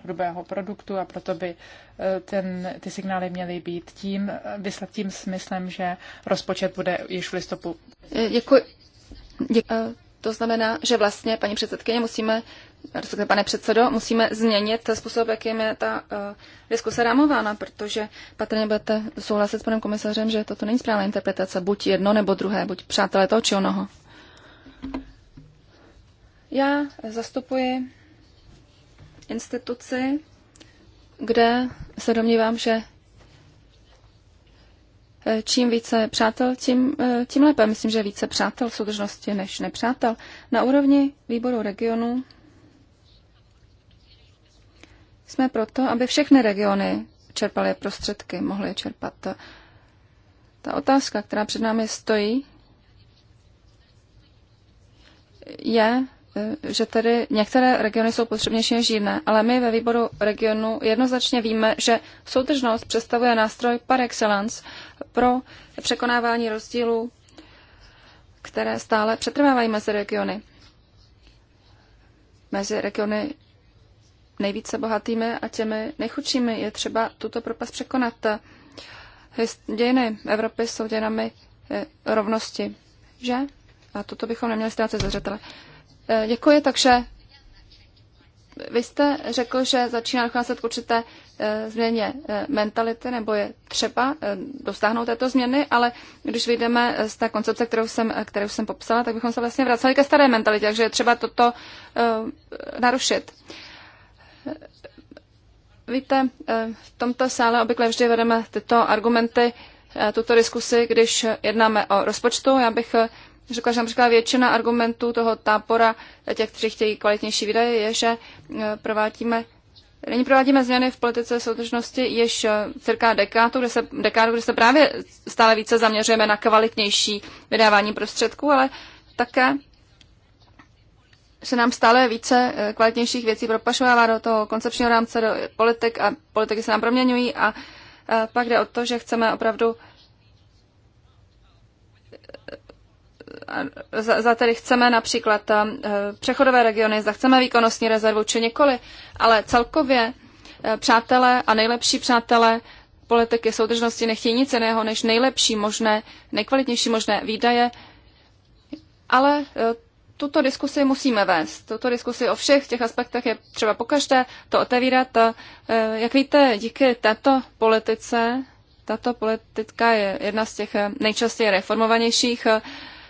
hrubého produktu a proto by eh, ten, ty signály měly být tím, vyslat tím smyslem, že rozpočet bude již v listopadu. Děkuji. Děkuji. To znamená, že vlastně, paní předsedkyně, musíme respektive pane předsedo, musíme změnit způsob, jakým je ta uh, diskuse rámována, protože patrně budete souhlasit s panem komisařem, že toto není správná interpretace, buď jedno nebo druhé, buď přátelé toho či onoho. Já zastupuji instituci, kde se domnívám, že eh, čím více přátel, tím, eh, tím lépe. Myslím, že více přátel v soudržnosti než nepřátel. Na úrovni výboru regionu jsme proto, aby všechny regiony čerpaly prostředky, mohly je čerpat. Ta otázka, která před námi stojí, je, eh, že tedy některé regiony jsou potřebnější než jiné, ale my ve výboru regionu jednoznačně víme, že soudržnost představuje nástroj par excellence pro překonávání rozdílů, které stále přetrvávají mezi regiony. Mezi regiony nejvíce bohatými a těmi nejchudšími. Je třeba tuto propast překonat. Dějiny Evropy jsou dějinami eh, rovnosti, že? A toto bychom neměli ztrácet ze zřetele. Eh, děkuji, takže vy jste řekl, že začíná docházet k určité eh, změně mentality, nebo je třeba dosáhnout této změny, ale když vyjdeme z té koncepce, kterou jsem, kterou jsem popsala, tak bychom se vlastně vraceli ke staré mentalitě, takže je třeba toto narušit. Víte, eh, v tomto sále obvykle vždy vedeme tyto argumenty, eh, tuto diskusi, když jednáme o rozpočtu. Já bych eh, řekla, že například většina argumentů toho tápora, těch, kteří chtějí kvalitnější výdaje, je, že provádíme Nyní provádíme změny v politice soudržnosti již cirka dekádu, kde se, dekádu, kde se právě stále více zaměřujeme na kvalitnější vydávání prostředků, ale také se nám stále více eh, kvalitnějších věcí propašovává do toho koncepčního rámce, do politik a politiky se nám proměňují a eh, pak jde o to, že chceme opravdu eh, za, za tedy chceme například přechodové regiony, za chceme výkonnostní rezervu či nikoli, ale celkově přátelé a nejlepší přátelé politiky soudržnosti nechtějí nic jiného než nejlepší možné, nejkvalitnější možné výdaje, ale tuto diskusi musíme vést. Tuto diskusi o všech těch aspektech je třeba pokaždé to otevírat. E, jak víte, díky této politice, tato politika je jedna z těch nejčastěji reformovanějších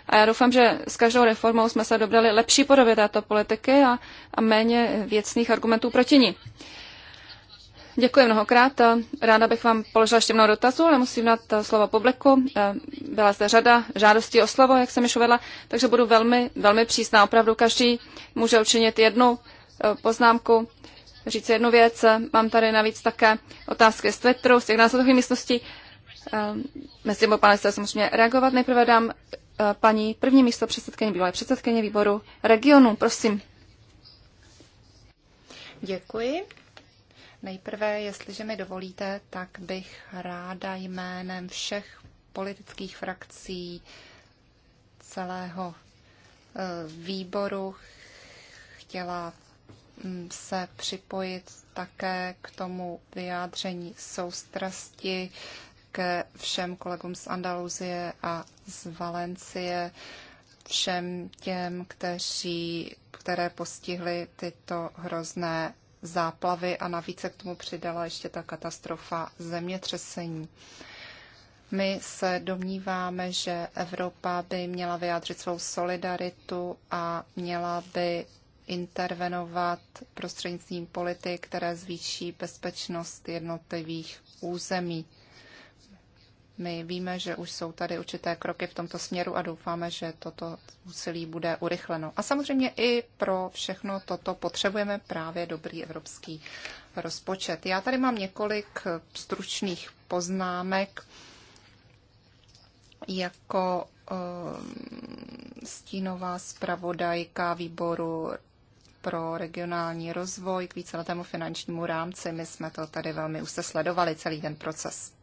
a já doufám, že s každou reformou jsme se dobrali lepší podoby této politiky a, a méně věcných argumentů proti ní. Děkuji mnohokrát. Ráda bych vám položila ještě mnoho dotazů, ale musím dát slovo publiku. Byla zde řada žádostí o slovo, jak jsem již uvedla, takže budu velmi, velmi přísná. Opravdu každý může učinit jednu eh, poznámku, říct jednu věc. Mám tady navíc také otázky z Twitteru, z těch následových místností. Eh, mezi tím, pane, se samozřejmě reagovat. Nejprve dám eh, paní první místo předsedkyně, bývalé předsedkyně výboru regionu. Prosím. Děkuji. Nejprve, jestliže mi dovolíte, tak bych ráda jménem všech politických frakcí celého e, výboru chtěla mm, se připojit také k tomu vyjádření soustrasti ke všem kolegům z Andaluzie a z Valencie, všem těm, kteří, které postihly tyto hrozné záplavy a navíc se k tomu přidala ještě ta katastrofa zemětřesení. My se domníváme, že Evropa by měla vyjádřit svou solidaritu a měla by intervenovat prostřednictvím politik, které zvýší bezpečnost jednotlivých území. My víme, že už jsou tady určité kroky v tomto směru a doufáme, že toto úsilí bude urychleno. A samozřejmě i pro všechno toto potřebujeme právě dobrý evropský rozpočet. Já tady mám několik stručných poznámek jako eh, stínová zpravodajka výboru pro regionální rozvoj k víceletému finančnímu rámci. My jsme to tady velmi už se sledovali, celý ten proces.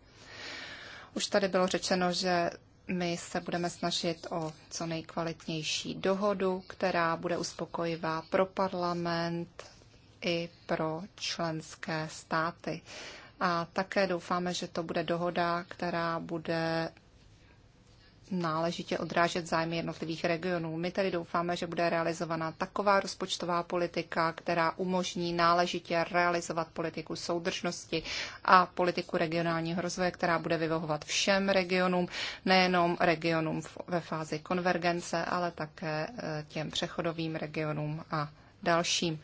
Už tady bylo řečeno, že my se budeme snažit o co nejkvalitnější dohodu, která bude uspokojivá pro parlament i pro členské státy. A také doufáme, že to bude dohoda, která bude náležitě odrážet zájmy jednotlivých regionů. My tedy doufáme, že bude realizovaná taková rozpočtová politika, která umožní náležitě realizovat politiku soudržnosti a politiku regionálního rozvoje, která bude vyvohovat všem regionům, nejenom regionům ve fázi konvergence, ale také eh, těm přechodovým regionům a dalším.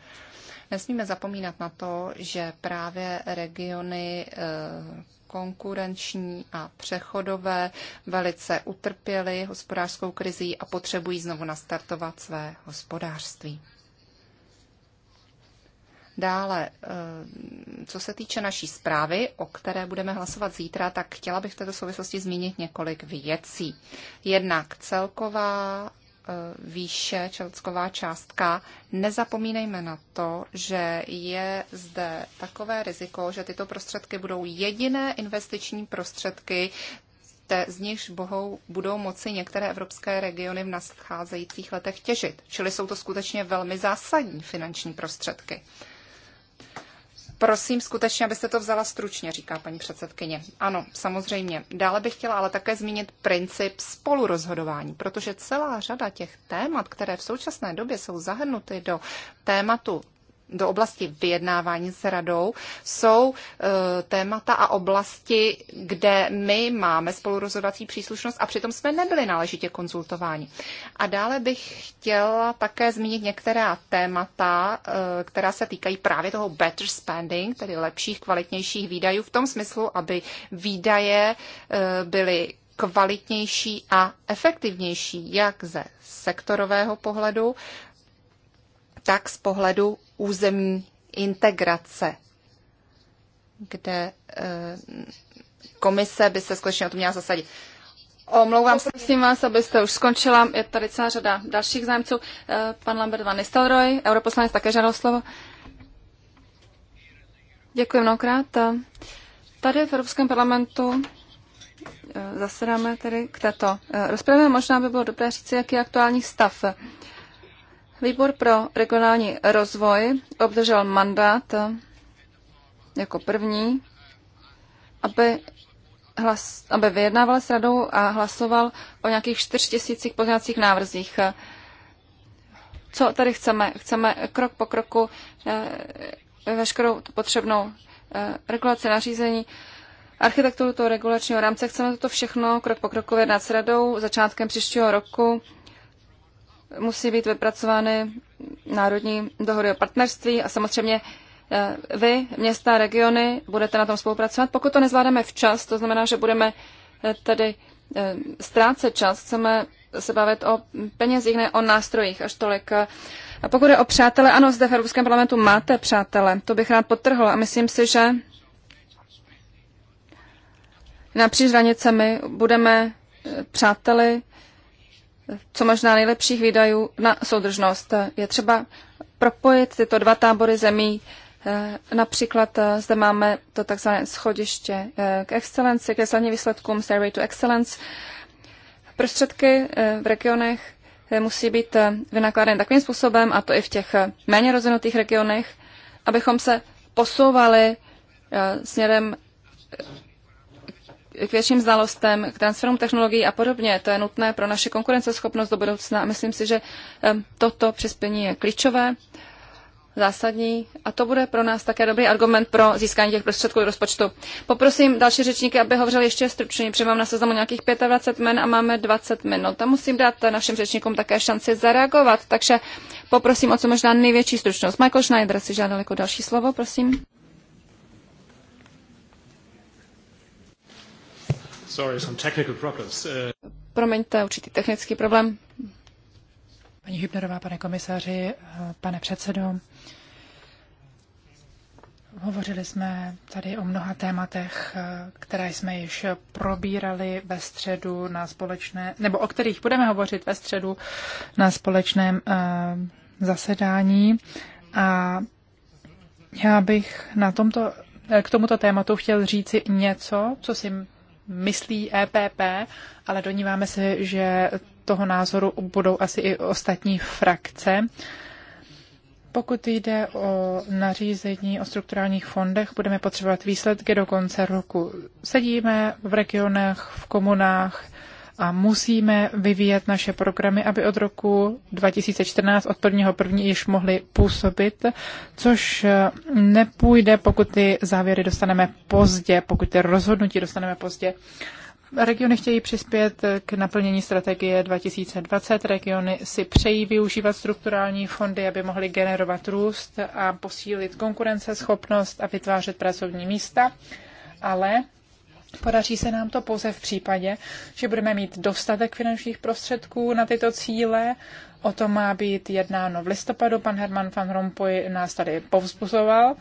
Nesmíme zapomínat na to, že právě regiony eh, konkurenční a přechodové velice utrpěly hospodářskou krizí a potřebují znovu nastartovat své hospodářství. Dále, eh, co se týče naší zprávy, o které budeme hlasovat zítra, tak chtěla bych v této souvislosti zmínit několik věcí. Jednak celková Eh, výše, čelcková částka, nezapomínejme na to, že je zde takové riziko, že tyto prostředky budou jediné investiční prostředky, te, z nichž bohou, budou moci některé evropské regiony v nadcházejících letech těžit. Čili jsou to skutečně velmi zásadní finanční prostředky. Prosím skutečně, abyste to vzala stručně, říká paní předsedkyně. Ano, samozřejmě. Dále bych chtěla ale také zmínit princip spolurozhodování, protože celá řada těch témat, které v současné době jsou zahrnuty do tématu do oblasti vyjednávání s radou jsou e, témata a oblasti, kde my máme spolurozhodovací příslušnost a přitom jsme nebyli náležitě konzultováni. A dále bych chtěla také zmínit některá témata, e, která se týkají právě toho better spending, tedy lepších, kvalitnějších výdajů v tom smyslu, aby výdaje e, byly kvalitnější a efektivnější, jak ze sektorového pohledu, tak z pohledu územní integrace, kde eh, komise by se skutečně o to měla zasadit. Omlouvám se, prosím vás, abyste už skončila. Je tady celá řada dalších zájemců. Eh, pan Lambert van Nistelrooy, europoslanec, také žádal slovo. Děkuji mnohokrát. Eh, tady v Evropském parlamentu zasedáme tedy k této rozpravě. Možná by bylo dobré říct, jaký je aktuální stav. Výbor pro regionální rozvoj obdržel mandát jako první, aby, hlas, aby vyjednával s radou a hlasoval o nějakých 4 tisících pozměňovacích návrzích. Co tady chceme? Chceme krok po kroku eh, veškerou potřebnou eh, regulaci nařízení, architekturu toho regulačního rámce. Chceme toto všechno krok po kroku vyjednat s radou začátkem příštího roku musí být vypracovány národní dohody o partnerství a samozřejmě eh, vy, města, regiony, budete na tom spolupracovat. Pokud to nezvládneme včas, to znamená, že budeme eh, tedy eh, ztrácet čas, chceme se bavit o penězích, ne o nástrojích až tolik. A pokud je o přátele, ano, zde v Evropském parlamentu máte přátele, to bych rád potrhl a myslím si, že napříč hranicemi budeme přáteli co možná nejlepších výdajů na soudržnost. Je třeba propojit tyto dva tábory zemí. Eh, například eh, zde máme to takzvané schodiště eh, k excelenci, k výsledním výsledkům Stairway to Excellence. Prostředky v regionech musí být vynakládány takovým způsobem, a to i v těch méně rozvinutých regionech, abychom se posouvali směrem k větším znalostem, k transferům technologií a podobně. To je nutné pro naše konkurenceschopnost do budoucna a myslím si, že toto přispění je klíčové, zásadní a to bude pro nás také dobrý argument pro získání těch prostředků do rozpočtu. Poprosím další řečníky, aby hovořili ještě stručně, protože mám na seznamu nějakých 25 men a máme 20 minut. Tam musím dát našim řečníkům také šanci zareagovat, takže poprosím o co možná největší stručnost. Michael Schneider si žádal jako další slovo, prosím. Sorry, some technical problems. Uh, Promiňte, určitý technický problém. Paní Hübnerová, pane komisaři, pane předsedo, Hovořili jsme tady o mnoha tématech, které jsme již probírali ve středu na společné, nebo o kterých budeme hovořit ve středu na společném eh, zasedání. A já bych na tomto, k tomuto tématu chtěl říci něco, co si myslí EPP, ale doníváme se, že toho názoru budou asi i ostatní frakce. Pokud jde o nařízení o strukturálních fondech, budeme potřebovat výsledky do konce roku. Sedíme v regionech, v komunách, a musíme vyvíjet naše programy, aby od roku 2014 od prvního první již mohli působit, což eh, nepůjde, pokud ty závěry dostaneme pozdě, pokud ty rozhodnutí dostaneme pozdě. Regiony chtějí přispět eh, k naplnění strategie 2020. Regiony si přejí využívat strukturální fondy, aby mohly generovat růst a posílit konkurenceschopnost a vytvářet pracovní místa, ale Podaří se nám to pouze v případě, že budeme mít dostatek finančních prostředků na tyto cíle. O tom má být jednáno v listopadu. Pan Herman van Rompuy nás tady povzbuzoval.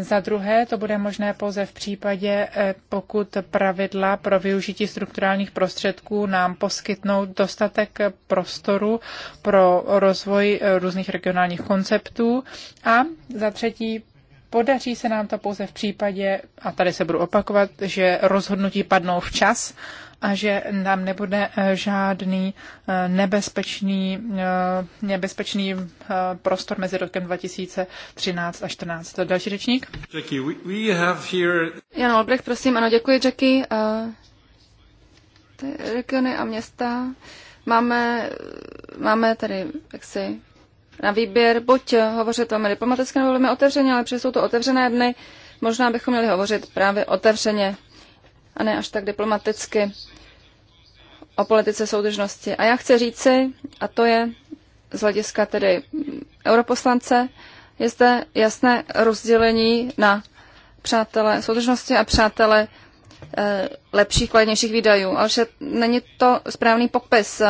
Za druhé, to bude možné pouze v případě, eh, pokud pravidla pro využití strukturálních prostředků nám poskytnou dostatek prostoru pro rozvoj eh, různých regionálních konceptů. A za třetí, Podaří se nám to pouze v případě, a tady se budu opakovat, že rozhodnutí padnou včas a že nám nebude eh, žádný eh, nebezpečný, eh, nebezpečný prostor mezi rokem 2013 a 2014. Další řečník? Jackie, we, have here... Jan Olbrecht, prosím, ano, děkuji, Jackie. Uh, regiony a města máme, máme tady Jak si, na výběr buď hovořit velmi diplomaticky nebo velmi otevřeně, ale přesou to otevřené dny, možná bychom měli hovořit právě otevřeně a ne až tak diplomaticky o politice soudržnosti. A já chci říci, a to je z hlediska tedy europoslance, je zde jasné rozdělení na přátelé soudržnosti a přátelé eh, lepších, kladnějších výdajů, ale že není to správný popis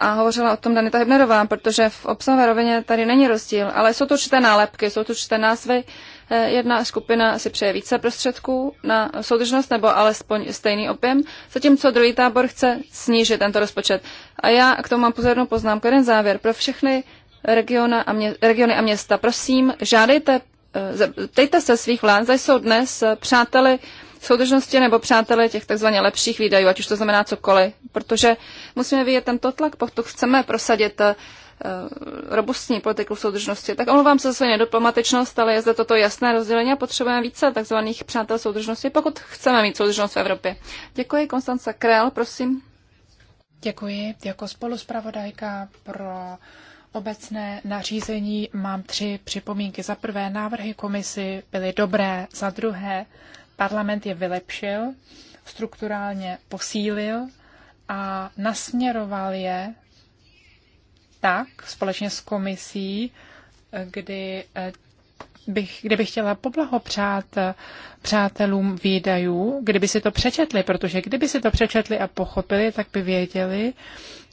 a hovořila o tom Danita Hebnerová, protože v obsahové rovině tady není rozdíl, ale jsou to určité nálepky, jsou to určité názvy. Eh, jedna skupina si přeje více prostředků na soudržnost nebo alespoň stejný objem, zatímco druhý tábor chce snížit tento rozpočet. A já k tomu mám pozornou poznámku. Jeden závěr pro všechny regiona a mě, regiony a města. Prosím, žádejte, eh, ptejte se svých vlád, zda jsou dnes eh, přáteli soudržnosti nebo přátelé těch takzvaně lepších výdajů, ať už to znamená cokoliv, protože musíme vidět tento tlak, pokud chceme prosadit eh, robustní politiku soudržnosti. Tak omlouvám se za svou nediplomatičnost, ale je zde toto jasné rozdělení a potřebujeme více takzvaných přátel soudržnosti, pokud chceme mít soudržnost v Evropě. Děkuji, Konstance Krell, prosím. Děkuji. Jako spoluspravodajka pro obecné nařízení mám tři připomínky. Za prvé, návrhy komisy byly dobré, za druhé, parlament je vylepšil, strukturálně posílil a nasměroval je tak společně s komisí, kdy eh, bych, kdybych chtěla poblahopřát eh, přátelům výdajů, kdyby si to přečetli, protože kdyby si to přečetli a pochopili, tak by věděli,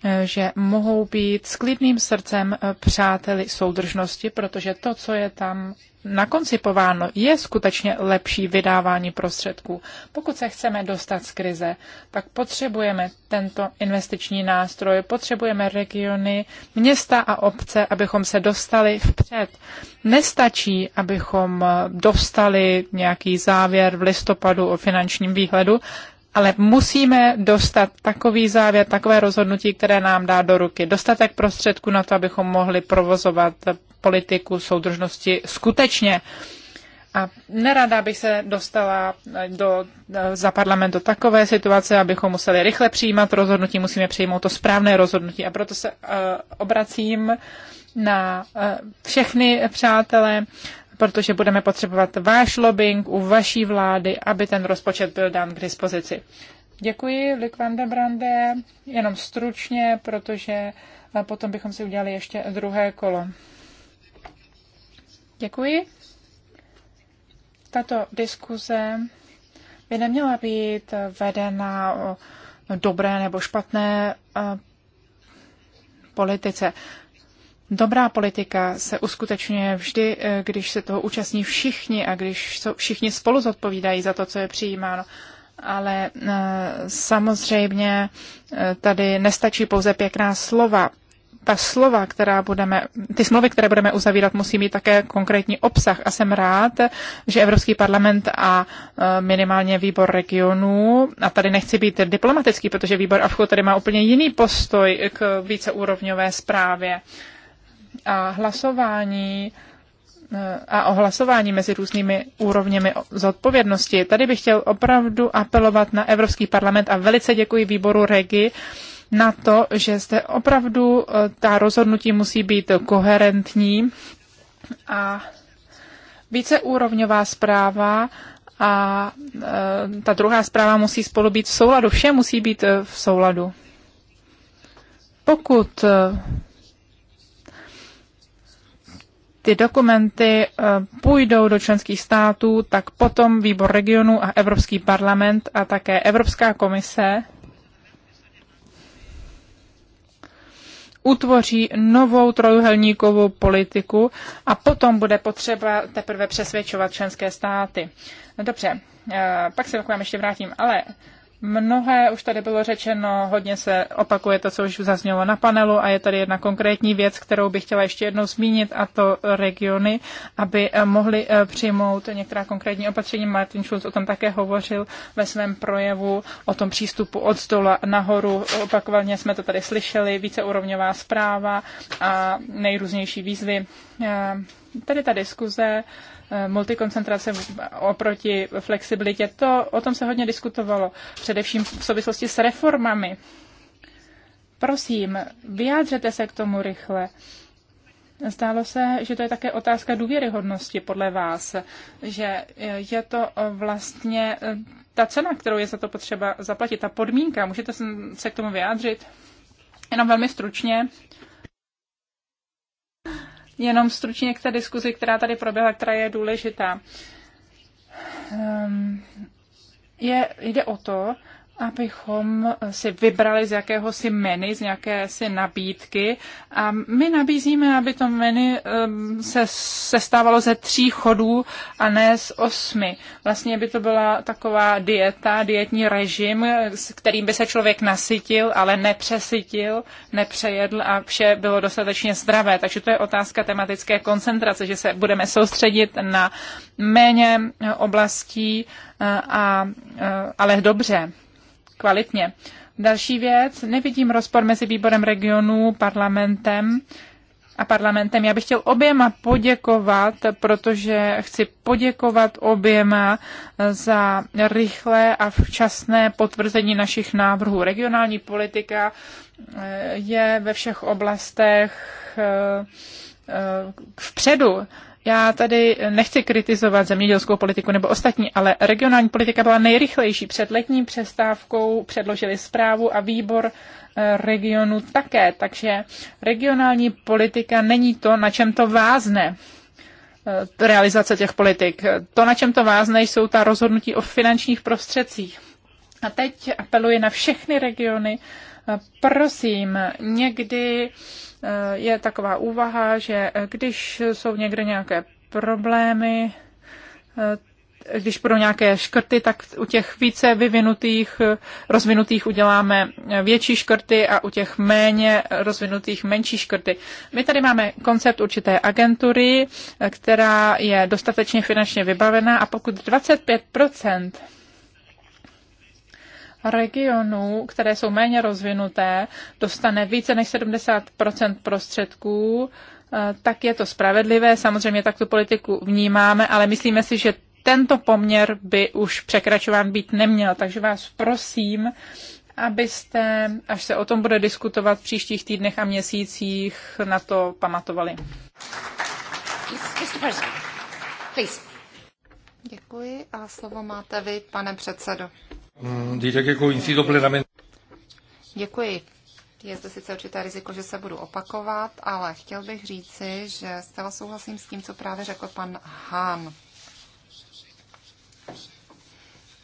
eh, že mohou být s klidným srdcem přáteli soudržnosti, protože to, co je tam nakoncipováno, je skutečně lepší vydávání prostředků. Pokud se chceme dostat z krize, tak potřebujeme tento investiční nástroj, potřebujeme regiony, města a obce, abychom se dostali vpřed. Nestačí, abychom dostali nějaký závěr v listopadu o finančním výhledu, ale musíme dostat takový závěr, takové rozhodnutí, které nám dá do ruky dostatek prostředků na to, abychom mohli provozovat politiku soudržnosti skutečně. A nerada bych se dostala do, za parlament do takové situace, abychom museli rychle přijímat rozhodnutí, musíme přijmout to správné rozhodnutí. A proto se uh, obracím na uh, všechny přátelé protože budeme potřebovat váš lobbying u vaší vlády, aby ten rozpočet byl dán k dispozici. Děkuji, Likvande Brande, jenom stručně, protože potom bychom si udělali ještě druhé kolo. Děkuji. Tato diskuze by neměla být vedena o dobré nebo špatné politice. Dobrá politika se uskutečňuje vždy, eh, když se toho účastní všichni a když všichni spolu zodpovídají za to, co je přijímáno. Ale eh, samozřejmě eh, tady nestačí pouze pěkná slova. Ta slova, která budeme, ty smlouvy, které budeme uzavírat, musí mít také konkrétní obsah. A jsem rád, že Evropský parlament a minimálně výbor regionů, a tady nechci být diplomatický, protože výbor AFCHO tady má úplně jiný postoj k víceúrovňové zprávě a hlasování eh, a o hlasování mezi různými úrovněmi zodpovědnosti. Tady bych chtěl opravdu apelovat na Evropský parlament a velice děkuji výboru REGI na to, že zde opravdu eh, ta rozhodnutí musí být koherentní a víceúrovňová zpráva a eh, ta druhá zpráva musí spolu být v souladu. Vše musí být v souladu. Pokud ty dokumenty eh, půjdou do členských států, tak potom výbor regionu a Evropský parlament a také Evropská komise utvoří novou trojuhelníkovou politiku a potom bude potřeba teprve přesvědčovat členské státy. Dobře, eh, pak se k vám ještě vrátím, ale mnohé už tady bylo řečeno, hodně se opakuje to, co už zaznělo na panelu a je tady jedna konkrétní věc, kterou bych chtěla ještě jednou zmínit a to regiony, aby eh, mohly eh, přijmout některá konkrétní opatření. Martin Schulz o tom také hovořil ve svém projevu, o tom přístupu od stola nahoru. Opakovaně jsme to tady slyšeli, víceúrovňová zpráva a nejrůznější výzvy. Eh, tady ta diskuze multikoncentrace oproti flexibilitě. To, o tom se hodně diskutovalo, především v souvislosti s reformami. Prosím, vyjádřete se k tomu rychle. Zdálo se, že to je také otázka důvěryhodnosti podle vás, že je to vlastně eh, ta cena, kterou je za to potřeba zaplatit, ta podmínka. Můžete se k tomu vyjádřit? Jenom velmi stručně jenom stručně k té diskuzi, která tady proběhla, která je důležitá. Ehm, je, jde o to, abychom si vybrali z jakéhosi menu, z nějaké si nabídky. A my nabízíme, aby to menu ehm, se sestávalo ze tří chodů a ne z osmi. Vlastně by to byla taková dieta, dietní režim, s kterým by se člověk nasytil, ale nepřesytil, nepřejedl a vše bylo dostatečně zdravé. Takže to je otázka tematické koncentrace, že se budeme soustředit na méně oblastí, eh, a, eh, ale dobře kvalitně. Další věc, nevidím rozpor mezi výborem regionů, parlamentem a parlamentem. Já bych chtěl oběma poděkovat, protože chci poděkovat oběma za rychlé a včasné potvrzení našich návrhů. Regionální politika eh, je ve všech oblastech eh, eh, vpředu já tady nechci kritizovat zemědělskou politiku nebo ostatní, ale regionální politika byla nejrychlejší. Před letní přestávkou předložili zprávu a výbor eh, regionu také, takže regionální politika není to, na čem to vázne eh, realizace těch politik. To, na čem to vázne, jsou ta rozhodnutí o finančních prostředcích. A teď apeluji na všechny regiony, eh, prosím, někdy Eh, je taková úvaha, že eh, když jsou někde nějaké problémy, eh, když budou nějaké škrty, tak u těch více vyvinutých, rozvinutých uděláme větší škrty a u těch méně rozvinutých menší škrty. My tady máme koncept určité agentury, která je dostatečně finančně vybavená a pokud 25 regionů, které jsou méně rozvinuté, dostane více než 70 prostředků, eh, tak je to spravedlivé. Samozřejmě tak tu politiku vnímáme, ale myslíme si, že tento poměr by už překračován být neměl. Takže vás prosím, abyste, až se o tom bude diskutovat v příštích týdnech a měsících, na to pamatovali. Děkuji a slovo máte vy, pane předsedo. Mm, Děkuji. Je zde sice určité riziko, že se budu opakovat, ale chtěl bych říci, že zcela souhlasím s tím, co právě řekl pan Hahn.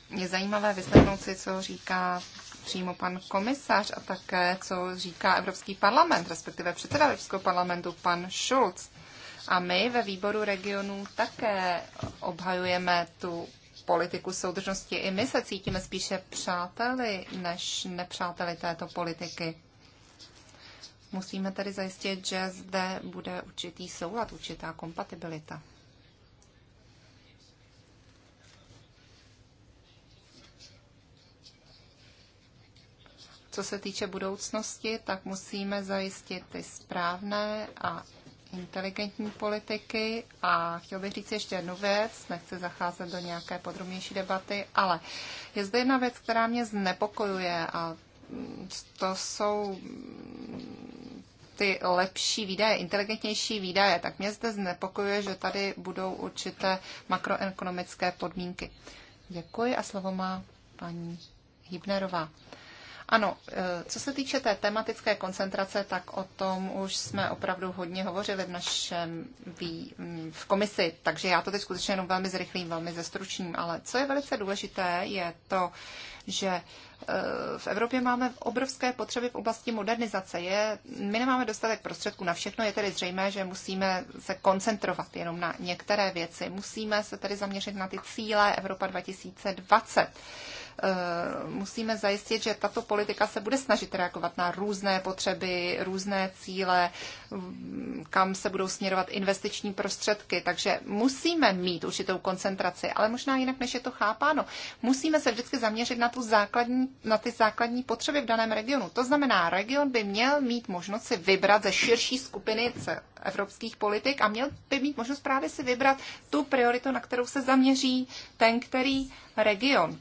Je zajímavé vyslechnout si, co říká přímo pan komisař a také, co říká Evropský parlament, respektive předseda Evropského parlamentu, pan Schulz. A my ve výboru regionů také obhajujeme tu politiku soudržnosti. I my se cítíme spíše přáteli než nepřáteli této politiky. Musíme tedy zajistit, že zde bude určitý soulad, určitá kompatibilita. Co se týče budoucnosti, tak musíme zajistit ty správné a inteligentní politiky a chtěl bych říct ještě jednu věc, nechci zacházet do nějaké podrobnější debaty, ale je zde jedna věc, která mě znepokojuje a to jsou ty lepší výdaje, inteligentnější výdaje, tak mě zde znepokojuje, že tady budou určité makroekonomické podmínky. Děkuji a slovo má paní Hybnerová. Ano, e, co se týče té tematické koncentrace, tak o tom už jsme opravdu hodně hovořili v našem mm, v komisi, takže já to teď skutečně jenom velmi zrychlím, velmi zestručním, ale co je velice důležité, je to, že e, v Evropě máme obrovské potřeby v oblasti modernizace. Je, my nemáme dostatek prostředků na všechno, je tedy zřejmé, že musíme se koncentrovat jenom na některé věci. Musíme se tedy zaměřit na ty cíle Evropa 2020. Eh, musíme zajistit, že tato politika se bude snažit reagovat na různé potřeby, různé cíle, kam se budou směrovat investiční prostředky. Takže musíme mít určitou koncentraci, ale možná jinak, než je to chápáno. Musíme se vždycky zaměřit na, tu základní, na ty základní potřeby v daném regionu. To znamená, region by měl mít možnost si vybrat ze širší skupiny evropských politik a měl by mít možnost právě si vybrat tu prioritu, na kterou se zaměří ten který region.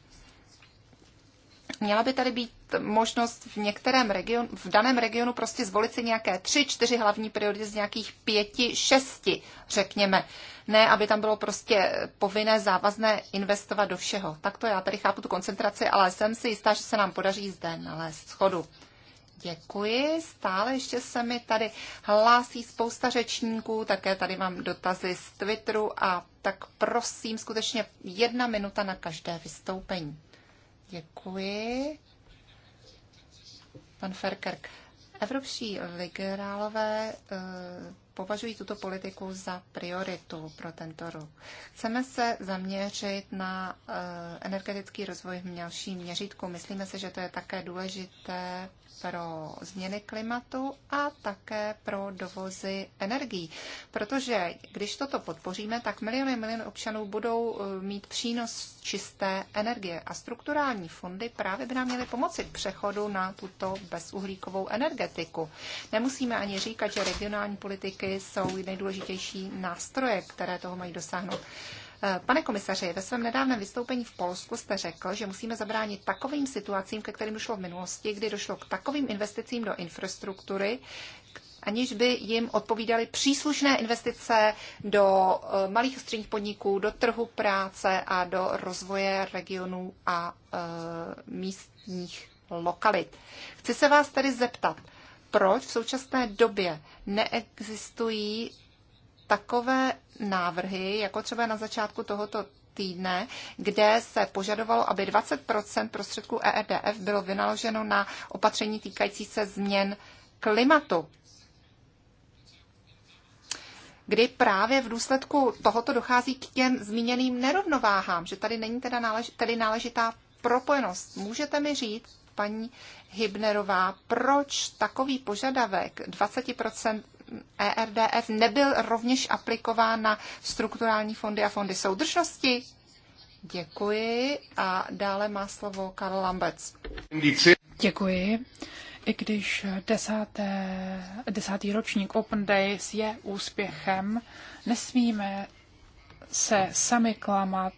Měla by tady být možnost v některém regionu, v daném regionu prostě zvolit si nějaké tři, čtyři hlavní priority z nějakých pěti, šesti, řekněme. Ne, aby tam bylo prostě povinné, závazné investovat do všeho. Tak to já tady chápu tu koncentraci, ale jsem si jistá, že se nám podaří zde nalézt schodu. Děkuji, stále ještě se mi tady hlásí spousta řečníků, také tady mám dotazy z Twitteru a tak prosím skutečně jedna minuta na každé vystoupení. Děkuji. Pan Ferkerk. Evropští liberálové eh, považují tuto politiku za prioritu pro tento rok. Chceme se zaměřit na eh, energetický rozvoj v mělším měřítku. Myslíme si, že to je také důležité pro změny klimatu a také pro dovozy energií. Protože když toto podpoříme, tak miliony a miliony občanů budou eh, mít přínos čisté energie a strukturální fondy právě by nám měly pomoci k přechodu na tuto bezuhlíkovou energetiku. Nemusíme ani říkat, že regionální politiky jsou nejdůležitější nástroje, které toho mají dosáhnout. Pane komisaři, ve svém nedávném vystoupení v Polsku jste řekl, že musíme zabránit takovým situacím, ke kterým došlo v minulosti, kdy došlo k takovým investicím do infrastruktury, aniž by jim odpovídaly příslušné investice do eh, malých a středních podniků, do trhu práce a do rozvoje regionů a e, místních lokalit. Chci se vás tedy zeptat, proč v současné době neexistují takové návrhy, jako třeba na začátku tohoto týdne, kde se požadovalo, aby 20 prostředků ERDF bylo vynaloženo na opatření týkající se změn klimatu. Kdy právě v důsledku tohoto dochází k těm zmíněným nerovnováhám, že tady není teda nálež, tedy náležitá propojenost. Můžete mi říct, paní Hybnerová, proč takový požadavek 20 ERDF nebyl rovněž aplikován na strukturální fondy a fondy soudržnosti? Děkuji a dále má slovo Karl Lambec. Děkuji. I když desáté, desátý ročník Open Days je úspěchem, nesmíme se sami klamat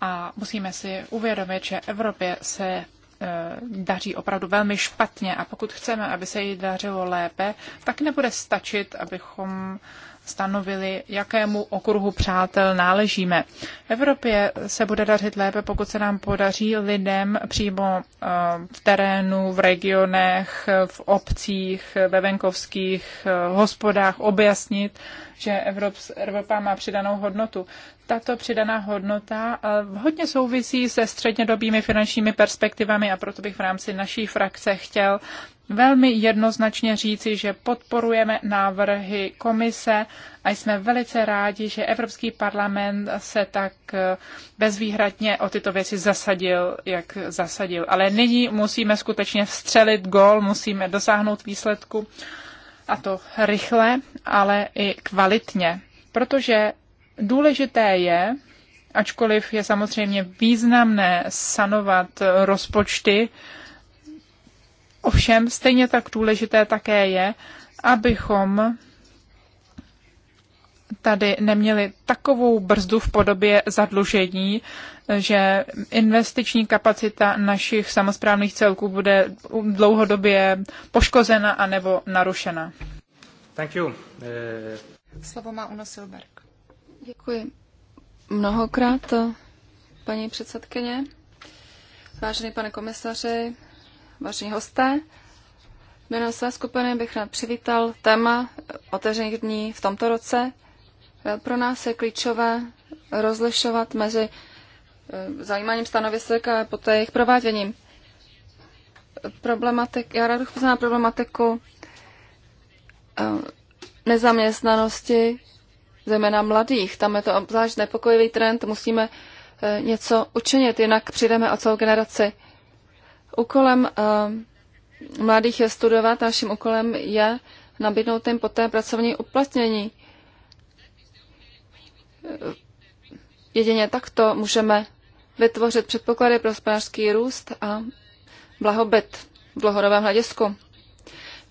a musíme si uvědomit, že Evropě se Eh, daří opravdu velmi špatně a pokud chceme, aby se jí dařilo lépe, tak nebude stačit, abychom stanovili, jakému okruhu přátel náležíme. Evropě se bude dařit lépe, pokud se nám podaří lidem přímo eh, v terénu, v regionech, v obcích, ve venkovských eh, hospodách objasnit, že Evropa má přidanou hodnotu. Tato přidaná hodnota eh, hodně souvisí se střednědobými finančními perspektivami a proto bych v rámci naší frakce chtěl velmi jednoznačně říci, že podporujeme návrhy komise a jsme velice rádi, že Evropský parlament se tak eh, bezvýhradně o tyto věci zasadil, jak zasadil. Ale nyní musíme skutečně vstřelit gol, musíme dosáhnout výsledku a to rychle, ale i kvalitně. Protože důležité je, ačkoliv je samozřejmě významné sanovat rozpočty, Ovšem, stejně tak důležité také je, abychom tady neměli takovou brzdu v podobě zadlužení, že investiční kapacita našich samozprávných celků bude dlouhodobě poškozena anebo narušena. Thank you. Eh, Slovo má Uno Silberg. Děkuji mnohokrát, paní předsedkyně. Vážený pane komisaři, vážení hosté. Jmenuji své skupiny bych rád přivítal téma otevřených dní v tomto roce. Eh, pro nás je klíčové rozlišovat mezi eh, zajímáním stanovisek a poté jejich prováděním. Problematik, já rád bych problematiku eh, nezaměstnanosti, zejména mladých. Tam je to obzvlášť nepokojivý trend, musíme něco učinit, jinak přijdeme o celou generaci. Úkolem eh, mladých je studovat, naším úkolem je nabídnout jim poté pracovní uplatnění. Jedině takto můžeme vytvořit předpoklady pro hospodářský růst a blahobyt v dlouhodobém hledisku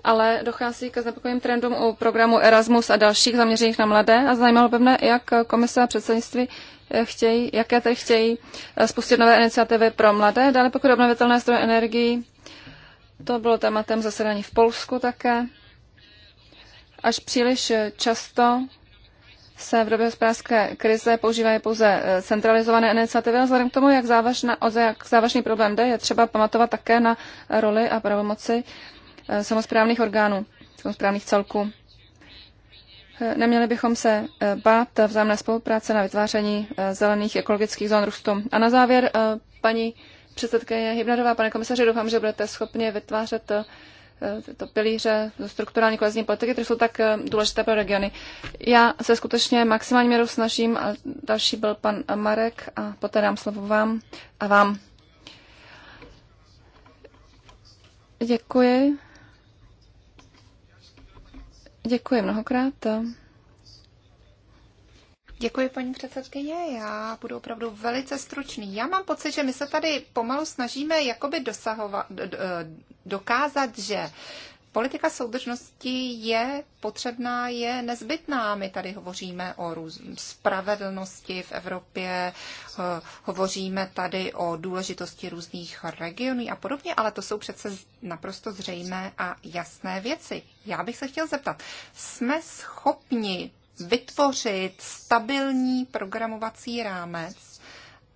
ale dochází ke znepokojivým trendům u programu Erasmus a dalších zaměřených na mladé a zajímalo by mne, jak komise a předsednictví eh, chtějí, jaké tady chtějí eh, spustit nové iniciativy pro mladé. Dále pokud obnovitelné zdroje energií, to bylo tématem zasedání v Polsku také. Až příliš často se v době hospodářské krize používají pouze eh, centralizované iniciativy a vzhledem k tomu, jak, závažná, jak závažný problém jde, je třeba pamatovat také na roli a pravomoci Eh, samozprávných orgánů, samozprávných celků. Eh, neměli bychom se eh, bát vzájemné spolupráce na vytváření zelených ekologických zón růstu. A na závěr, paní předsedkyně Hybnerová, pane komisaři, doufám, že budete schopni vytvářet tyto pilíře strukturální kolezní politiky, které jsou tak důležité pro regiony. Já se skutečně maximální měru snažím, a další byl pan Marek a poté dám slovo vám a vám. Děkuji. Děkuji mnohokrát. Děkuji, paní předsedkyně. Já budu opravdu velice stručný. Já mám pocit, že my se tady pomalu snažíme jakoby dosahovat, eh, dokázat, že Politika soudržnosti je potřebná, je nezbytná. My tady hovoříme o spravedlnosti v Evropě, eh, hovoříme tady o důležitosti různých regionů a podobně, ale to jsou přece naprosto zřejmé a jasné věci. Já bych se chtěl zeptat, jsme schopni vytvořit stabilní programovací rámec,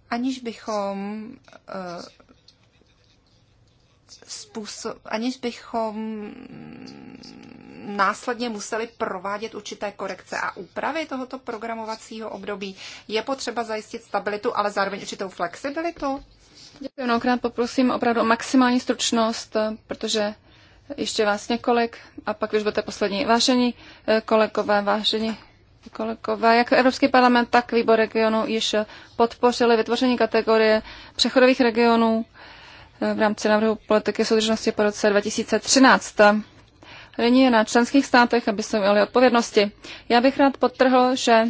aniž bychom eh, způsob, aniž bychom následně museli provádět určité korekce a úpravy tohoto programovacího období. Je potřeba zajistit stabilitu, ale zároveň určitou flexibilitu? Děkuji mnohokrát, poprosím opravdu o maximální stručnost, protože ještě vás několik a pak už budete poslední. Vážení eh, kolegové, vážení kolegové, jak Evropský parlament, tak výbor regionu již podpořili vytvoření kategorie přechodových regionů v rámci návrhu politiky soudržnosti po roce 2013. Nyní je na členských státech, aby se měli odpovědnosti. Já bych rád podtrhl, že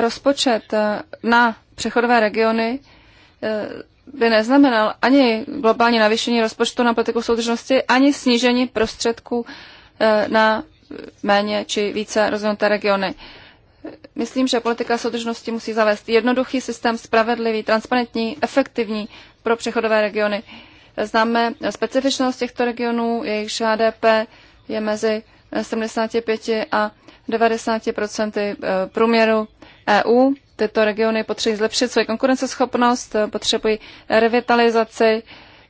rozpočet eh, na přechodové regiony eh, by neznamenal ani globální navýšení rozpočtu na politiku soudržnosti, ani snížení prostředků eh, na méně či více rozvinuté regiony. Myslím, že politika soudržnosti musí zavést jednoduchý systém, spravedlivý, transparentní, efektivní, pro přechodové regiony. Známe specifičnost těchto regionů, jejich HDP je mezi 75 a 90 eh, průměru EU. Tyto regiony potřebují zlepšit svoji konkurenceschopnost, eh, potřebují revitalizaci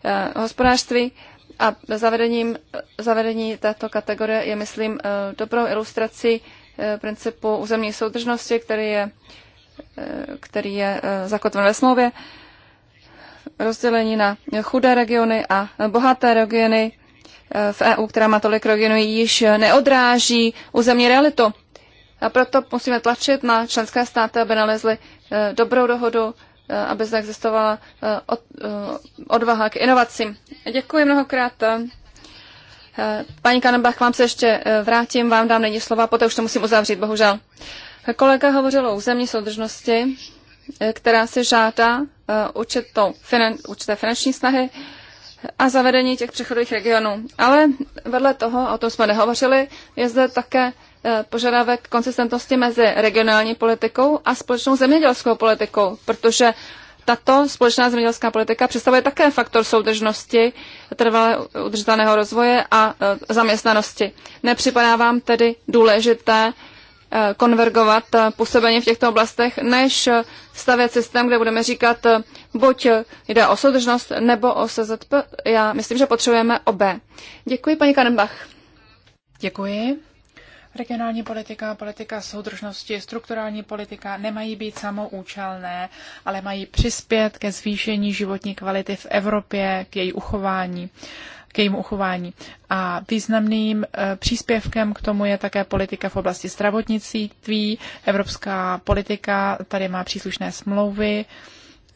eh, hospodářství a zavedením, zavedení této kategorie je, myslím, dobrou ilustrací principu územní soudržnosti, který je, který je zakotven ve smlouvě rozdělení na chudé regiony a bohaté regiony eh, v EU, která má tolik regionů, již neodráží územní realitu. A proto musíme tlačit na členské státy, aby nalezly eh, dobrou dohodu, eh, aby zde existovala odvaha k inovacím. Děkuji mnohokrát. Paní Kanebach, vám se ještě vrátím, vám dám nyní slova, poté už to musím uzavřít, bohužel. Kolega hovořil o územní soudržnosti která si žádá eh, určitou finan, určité finanční snahy a zavedení těch přechodových regionů. Ale vedle toho, o tom jsme nehovořili, je zde také eh, požadavek konsistentnosti mezi regionální politikou a společnou zemědělskou politikou, protože tato společná zemědělská politika představuje také faktor soudržnosti, trvalé udržitelného rozvoje a eh, zaměstnanosti. Nepřipadá vám tedy důležité Eh, konvergovat eh, působení v těchto oblastech, než eh, stavět systém, kde budeme říkat, buď jde o soudržnost nebo o SZP. Já myslím, že potřebujeme obé. Děkuji, paní Kanembach. Děkuji. Regionální politika, politika soudržnosti, strukturální politika nemají být samoučelné, ale mají přispět ke zvýšení životní kvality v Evropě, k její uchování k jejímu uchování. A významným eh, příspěvkem k tomu je také politika v oblasti zdravotnictví. Evropská politika tady má příslušné smlouvy,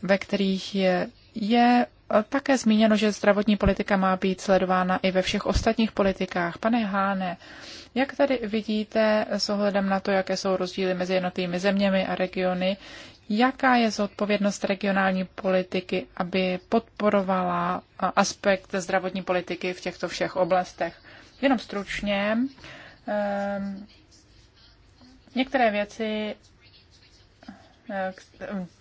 ve kterých je, je také zmíněno, že zdravotní politika má být sledována i ve všech ostatních politikách. Pane Háne, jak tady vidíte s ohledem na to, jaké jsou rozdíly mezi jednotlivými zeměmi a regiony, jaká je zodpovědnost regionální politiky, aby podporovala aspekt zdravotní politiky v těchto všech oblastech? Jenom stručně. Ehm, některé věci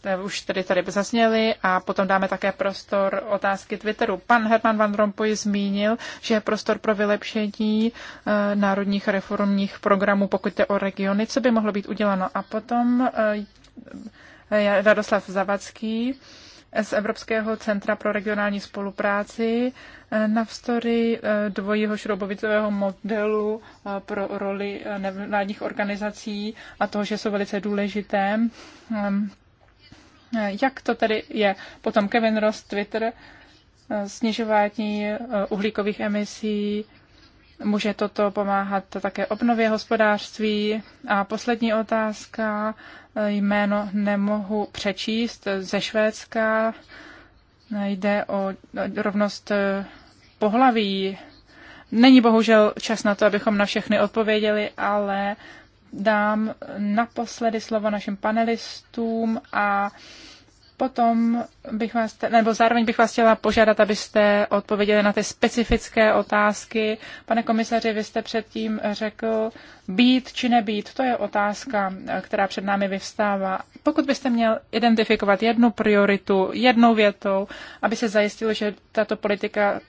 Eh, už tady tady by zazněly a potom dáme také prostor otázky Twitteru. Pan Herman Van Rompuy zmínil, že je prostor pro vylepšení eh, národních reformních programů, pokud jde o regiony, co by mohlo být uděláno. A potom eh, Radoslav Zavacký z Evropského centra pro regionální spolupráci eh, navzdory eh, dvojího šroubovicového modelu eh, pro roli nevládních organizací a toho, že jsou velice důležité. Ehm, jak to tedy je? Potom Kevin Ross, Twitter, snižování uhlíkových emisí, Může toto pomáhat také obnově hospodářství. A poslední otázka, jméno nemohu přečíst ze Švédska. Jde o rovnost pohlaví. Není bohužel čas na to, abychom na všechny odpověděli, ale dám naposledy slovo našim panelistům a Potom bych vás, nebo zároveň bych vás chtěla požádat, abyste odpověděli na ty specifické otázky. Pane komisaři, vy jste předtím řekl, být či nebýt, to je otázka, která před námi vyvstává. Pokud byste měl identifikovat jednu prioritu, jednou větou, aby se zajistilo, že tato politika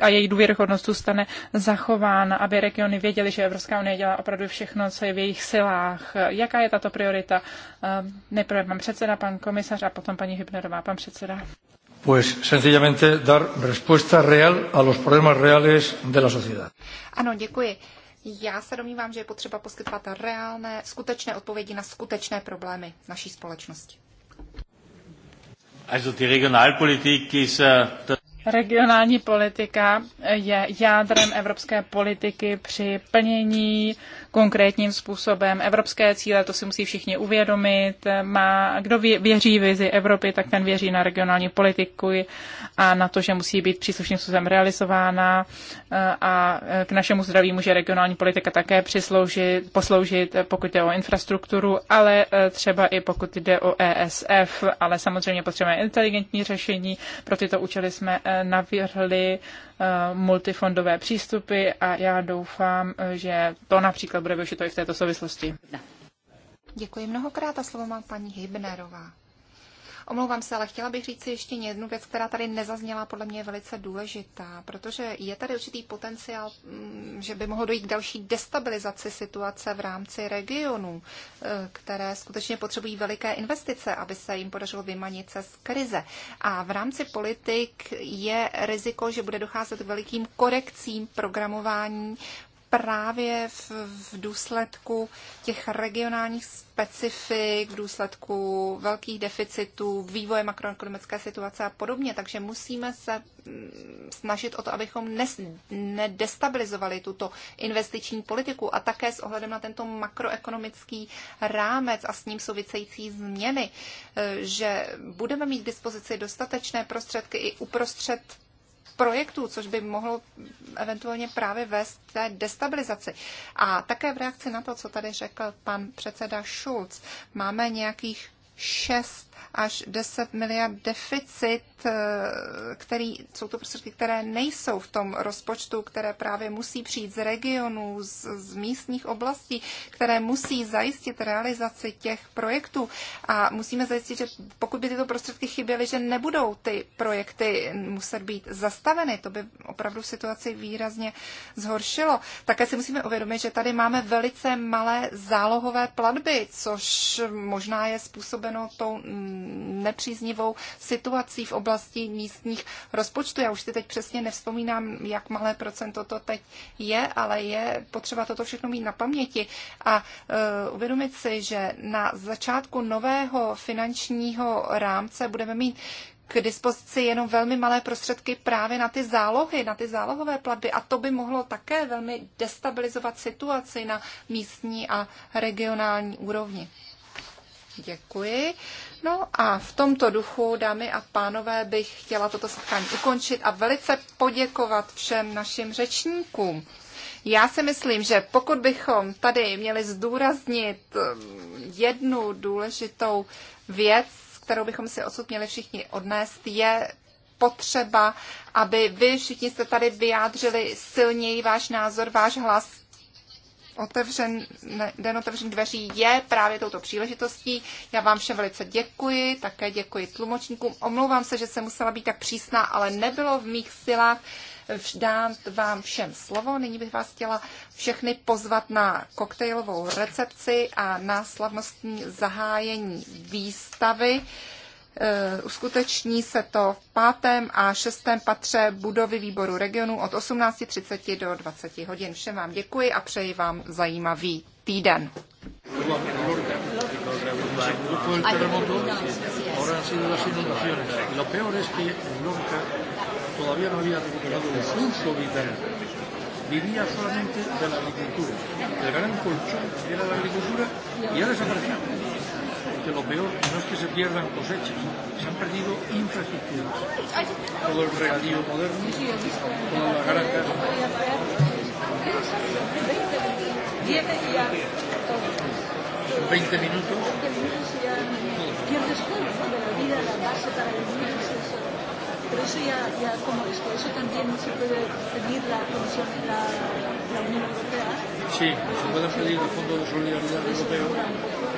a její důvěryhodnost zůstane zachována, aby regiony věděly, že Evropská unie dělá opravdu všechno, co je v jejich silách. Jaká je tato priorita? Ehm, nejprve pan předseda, pan komisař a potom paní paní Hybnerová, pan předseda. Pues sencillamente dar respuesta real a los problemas reales de la sociedad. Ano, děkuji. Já se domnívám, že je potřeba poskytovat reálné, skutečné odpovědi na skutečné problémy naší společnosti. Also die Regionalpolitik ist, uh, Regionální politika je jádrem evropské politiky při plnění konkrétním způsobem. Evropské cíle, to si musí všichni uvědomit. Má, kdo věří vizi Evropy, tak ten věří na regionální politiku a na to, že musí být příslušným způsobem realizována a k našemu zdraví může regionální politika také přisloužit, posloužit, pokud jde o infrastrukturu, ale třeba i pokud jde o ESF, ale samozřejmě potřebujeme inteligentní řešení. Pro tyto účely jsme navrhli Eh, multifondové přístupy a já doufám, že to například bude využito i v této souvislosti. Děkuji mnohokrát a slovo má paní Hybnerová. Omlouvám se, ale chtěla bych říct si ještě jednu věc, která tady nezazněla, podle mě je velice důležitá, protože je tady určitý potenciál, mm, že by mohlo dojít k další destabilizaci situace v rámci regionů, e, které skutečně potřebují veliké investice, aby se jim podařilo vymanit se z krize. A v rámci politik je riziko, že bude docházet k velikým korekcím programování právě v, v důsledku těch regionálních specifik, v důsledku velkých deficitů, vývoje makroekonomické situace a podobně. Takže musíme se mm, snažit o to, abychom nes, nedestabilizovali tuto investiční politiku a také s ohledem na tento makroekonomický rámec a s ním související změny, e, že budeme mít k dispozici dostatečné prostředky i uprostřed projektů, což by mohlo eventuálně právě vést té destabilizaci. A také v reakci na to, co tady řekl pan předseda Schulz, máme nějakých 6 až 10 miliard deficit, eh, který, jsou to prostředky, které nejsou v tom rozpočtu, které právě musí přijít z regionů, z, z místních oblastí, které musí zajistit realizaci těch projektů. A musíme zajistit, že pokud by tyto prostředky chyběly, že nebudou ty projekty muset být zastaveny. To by opravdu situaci výrazně zhoršilo. Také si musíme uvědomit, že tady máme velice malé zálohové platby, což možná je způsob způsobeno tou nepříznivou situací v oblasti místních rozpočtů. Já už si teď přesně nevzpomínám, jak malé procento to teď je, ale je potřeba toto všechno mít na paměti a e, uvědomit si, že na začátku nového finančního rámce budeme mít k dispozici jenom velmi malé prostředky právě na ty zálohy, na ty zálohové platby a to by mohlo také velmi destabilizovat situaci na místní a regionální úrovni. Děkuji. No a v tomto duchu, dámy a pánové, bych chtěla toto setkání ukončit a velice poděkovat všem našim řečníkům. Já si myslím, že pokud bychom tady měli zdůraznit ehm, jednu důležitou věc, kterou bychom si odsud měli všichni odnést, je potřeba, aby vy všichni jste tady vyjádřili silněji váš názor, váš hlas otevřen, den otevřen dveří je právě touto příležitostí. Já vám všem velice děkuji, také děkuji tlumočníkům. Omlouvám se, že jsem musela být tak přísná, ale nebylo v mých silách dát vám všem slovo. Nyní bych vás chtěla všechny pozvat na koktejlovou recepci a na slavnostní zahájení výstavy. Eh, uskuteční se to v pátém a šestém patře budovy výboru regionu od 18.30 do 20 hodin. Všem vám děkuji a přeji vám zajímavý týden. todavía no había recuperado el pulso vital. Vivía solamente de la agricultura. El gran colchón era la agricultura y ha desaparecido que lo peor no es que se pierdan cosechas, se han perdido infraestructuras. Todo el regadío moderno, todas las granjas. En 20 minutos. Pierdes todo, ¿no? De la vida, la base para vivir, es eso. Pero eso ya, ya como es que eso también se puede pedir la Comisión, de la, la Unión Europea. Sí, se pueden pedir el Fondo de Solidaridad Europeo.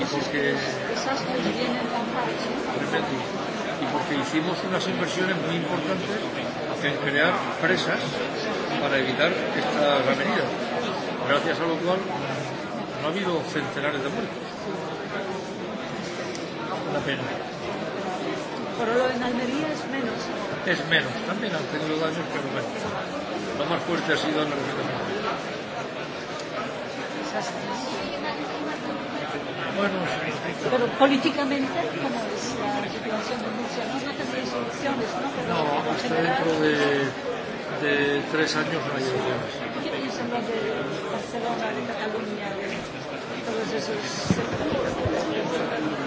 Esas, esas que Y porque hicimos unas inversiones muy importantes en crear presas para evitar estas avenidas, gracias a lo cual no ha habido centenares de muertos. Una pena. Pero lo en Almería es menos. Es menos, también han tenido daños, pero menos. Lo más fuerte ha sido en la región de Desastres. Bueno, pero políticamente, como es la situación de Murcia? No, no tendréis soluciones, ¿no? Pero no, hasta general, dentro de, de tres años no hay soluciones. ¿Qué piensan los de Barcelona, de Cataluña, de todos esos sectores?